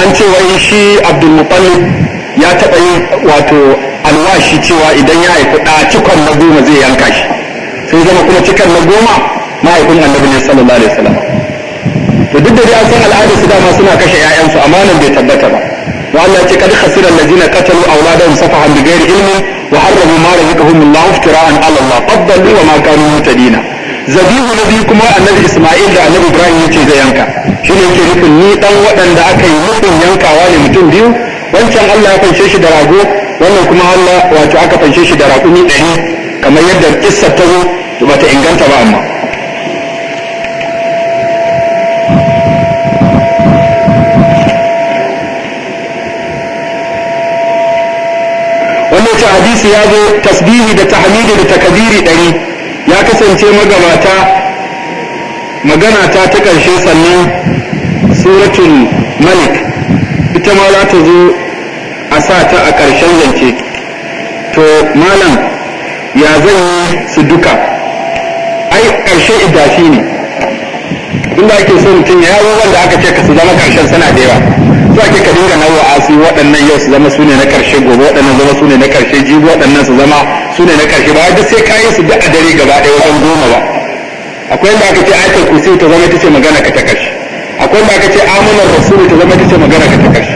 an ce wai shi Abdul abdulmutallib ya taɓa yi wato alwashi cewa idan ya haifi ɗa cikon na goma zai yanka shi sai zama kuma cikon na goma mahaifin annabi ne sallallahu alaihi wasallam to duk da dai an san al'adar su dama suna kashe 'ya'yansu amma nan bai tabbata ba wa Allah ya ce kad khasira allazina qatalu awladahum safahan bighairi ilmin وحرموا ما رزقهم الله افتراء على الله فضلوا وما كانوا مهتدين zabihu na biyu kuma annabi Ismail da annabi Ibrahim yace zai yanka shi ne yake nufin ni dan waɗanda aka yi nufin yankawa ne mutum biyu wancan Allah ya fanshe shi da rago wannan kuma Allah wato aka fanshe shi da raƙumi ɗari kamar yadda kissa ta zo ba ta inganta ba amma a hadisi ya zo tasbihi da tahmidi da takabiri ɗari ya kasance magabata magana ta ta ƙarshe sannan suratul malik ita ma za ta zo a sa ta a ƙarshen zance to malam ya zan yi su duka ai ƙarshe idafi ne inda ake so mutum ya yawo wanda aka ce ka su zama karshen sana da yawa su ake ka dinga nawa su waɗannan yau su zama sune na karshe gobe waɗannan zama sune na karshe jibi waɗannan su zama sune na karshe ba duk sai kayan su duk a dare gaba ɗaya wajen goma ba akwai inda aka ce ayatul kursi ta zama ta ce magana ka ta karshe akwai inda aka ce amanar rasul ta zama ta ce magana ka ta karshe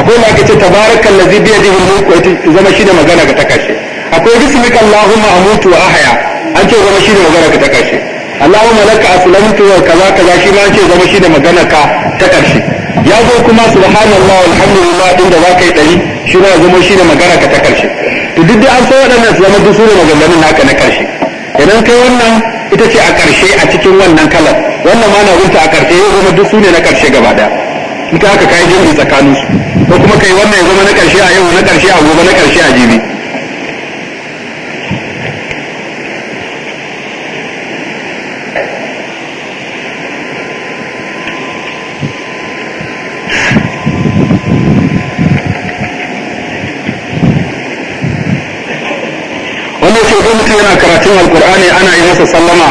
akwai inda aka ce tabarakal ladzi bi yadihi mulku ta zama shi da magana ka ta karshe akwai bismika allahumma amutu wa ahya an ce zama shi da magana ka ta karshe Allahu malaka aslamtu wa kaza kaza shi ma ce zama shi da magana ka ta karshe ya zo kuma subhanallah walhamdulillah din da za yi dari shi ma zama shi da magana ka ta karshe to duk da an san waɗannan su zama duk su ne maganganun naka na karshe idan kai wannan ita ce a karshe a cikin wannan kalar wannan ma na a karshe ya zama duk su ne na karshe gaba daya ita haka kai jini tsakaninsu ko kuma kai wannan ya zama na karshe a yau na karshe a gobe na karshe a jibi ce ko mutum yana karatun alkur'ani ana yi masa sallama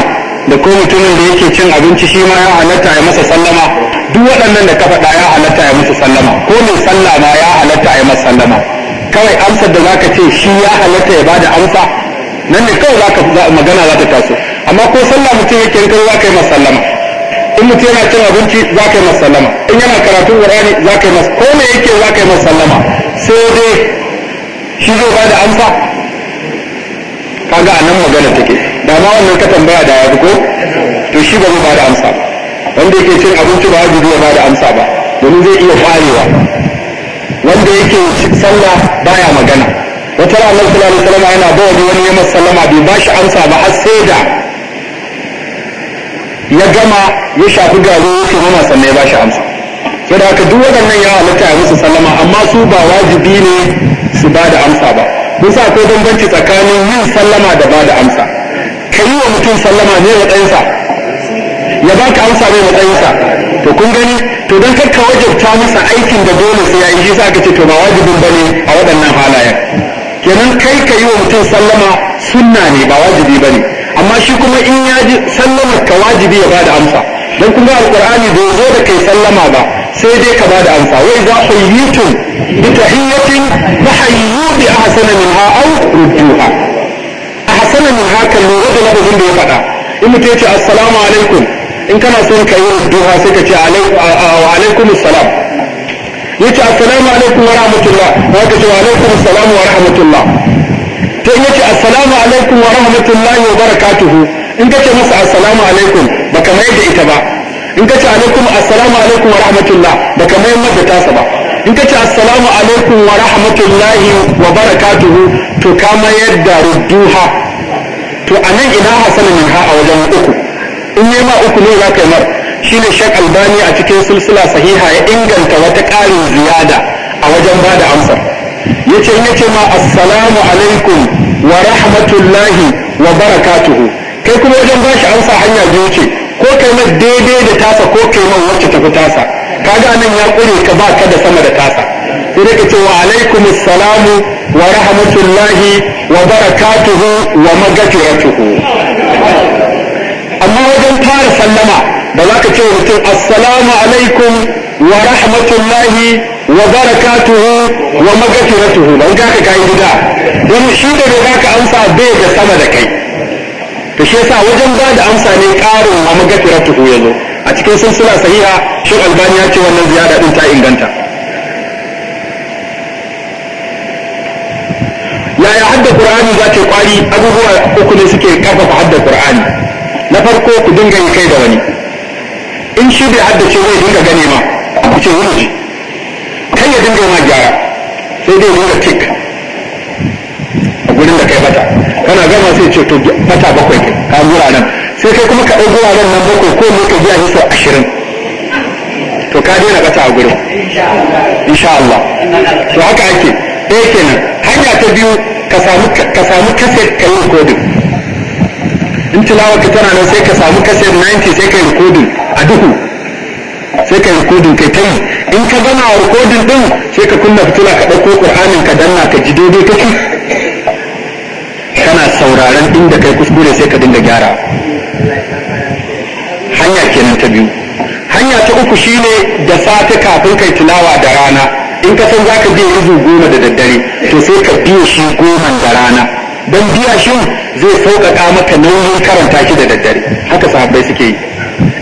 da ko mutumin da yake cin abinci shi ma ya halatta ya masa sallama duk waɗannan da ka faɗa ya halatta ya masa sallama ko mai sallah ma ya halatta ya masa sallama kawai amsar da zaka ce shi ya halatta ya bada amsa nan ne kawai zaka magana za ta taso amma ko sallah mutum yake in kai zaka yi masa sallama in mutum yana cin abinci zaka yi masa sallama in yana karatun qur'ani zaka yi masa ko me yake zaka yi masa sallama sai dai shi zai bada amsa kaga a nan magana take da ma wannan ka tambaya da yafi ko to shi ba zai bada amsa ba. wanda yake cin abinci ba wajibi ba bada amsa ba domin zai iya farewa wanda yake sallah baya magana wata ran Allah sallallahu alaihi wasallam yana ba wani wani ya sallama bai ba shi amsa ba har sai da ya gama ya shafi garo yake nuna sannan ya ba shi amsa da haka duk waɗannan yawa halatta ya musu sallama amma su ba wajibi ne su ba da amsa ba bisa ko bambanci tsakanin yin sallama da ba da amsa ka yi wa mutum sallama ne ɗansa ya ba ka amsa ne ɗansa to kun gani to don ka wajabta masa aikin da dole sai ya yi shi sa ka ce to ba wajibin ba ne a waɗannan halayen kenan kai ka yi wa mutum sallama sunna ne ba wajibi ba ne amma shi kuma in ya ji sallamar ka wajibi ya ba da amsa don kun ga alƙur'ani bai zo da kai sallama ba sai dai ka bada amsa wa idza hayyitum bi tahiyatin fa hayyu bi ahsana minha aw rudduha ahsana minha kan lura da labarin da ya faɗa in mutum ce assalamu alaikum in kana son ka yi duha sai ka ce wa alaikum assalam yace assalamu alaikum wa rahmatullah wa ka ce wa alaikum assalam wa rahmatullah to in yace assalamu alaikum wa rahmatullah wa barakatuhu in ka ce masa assalamu alaikum baka mai da ita ba in ka ce alaikum assalamu alaikum wa rahmatullah da ka muhammad da tasa ba in ka ce assalamu alaikum wa rahmatullahi wa barakatuhu to ka mayar da rudduha to a nan ina hasana min ha a wajen uku in yi ma uku ne za ka yi mar shi ne shek albani a cikin silsila sahiha ya inganta wata ƙarin ziyada a wajen ba da amsa ya ce in ya ce ma assalamu alaikum wa rahmatullahi wa barakatuhu kai kuma wajen ba shi amsa hanya biyu ce ko kalmar daidai da tasa ko kaimar wacce tafi tasa Ka ga nan ya kure ka ba ka da sama da tasa sai dai ka ce wa alaikum salamu wa rahmatullahi wa barakatuhu wa magfiratuhu amma wajen fara sallama ba za ka ce wa mutum assalamu alaikum wa rahmatullahi wa barakatuhu wa magajiratuhu don ka ka yi gida don shi da za ka amsa bai da sama da kai to shi yasa wajen ba da amsa ne ƙarin wa magafiratuhu ya zo a cikin silsila sahiha shi albani ya ce wannan ziyada din ta inganta yaya hadda qur'ani za ta kwari abubuwa uku ne suke karfafa hadda qur'ani na farko ku dinga yin kai da wani in shi bai haddace zai dinga gane ma ku ce wani kai ya dinga ma gyara sai dai dinga tik a gurin da kai bata. kana gama sai ce to fata bakwai ka gura nan sai kai kuma ka ɗau gura nan bakwai ko ne ka biya shi sau ashirin to ka daina fata a gurin insha Allah to haka ake ɗaya kenan hanya ta biyu ka samu ka samu kaset ka yi rikodin in tilawa ka tana nan sai ka samu kaset 90 sai ka yi rikodin a duhu sai ka yi rikodin kai ta yi in ka gama rikodin din sai ka kunna fitila ka ɗauko ƙur'anin ka danna ka ji daidai kake kana sauraron inda kai kuskure sai ka dinga gyara hanya kenan ta biyu hanya ta uku shine da safe kafin kai tilawa da rana in ka san zaka biya izu goma da daddare to sai ka biya shi goma da rana Dan biya shi zai sauƙaƙa maka nauyin karanta ki da daddare haka sahabbai suke yi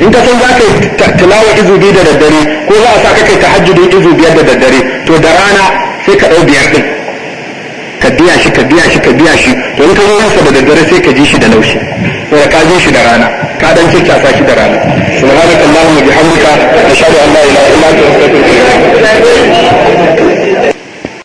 in ka san za ka tilawa izu biyu da daddare ko za a sa ka kai don izu biyar da daddare to da rana sai ka ɗau biyar ɗin ka biya shi ka biya shi ka biya shi to in ka zo masa da dare sai ka ji shi da laushi ko ka ji shi da rana ka dan ce kyasa shi da rana subhanakallahumma bihamdika ashhadu an la ilaha illa anta astaghfiruka wa atubu ilaik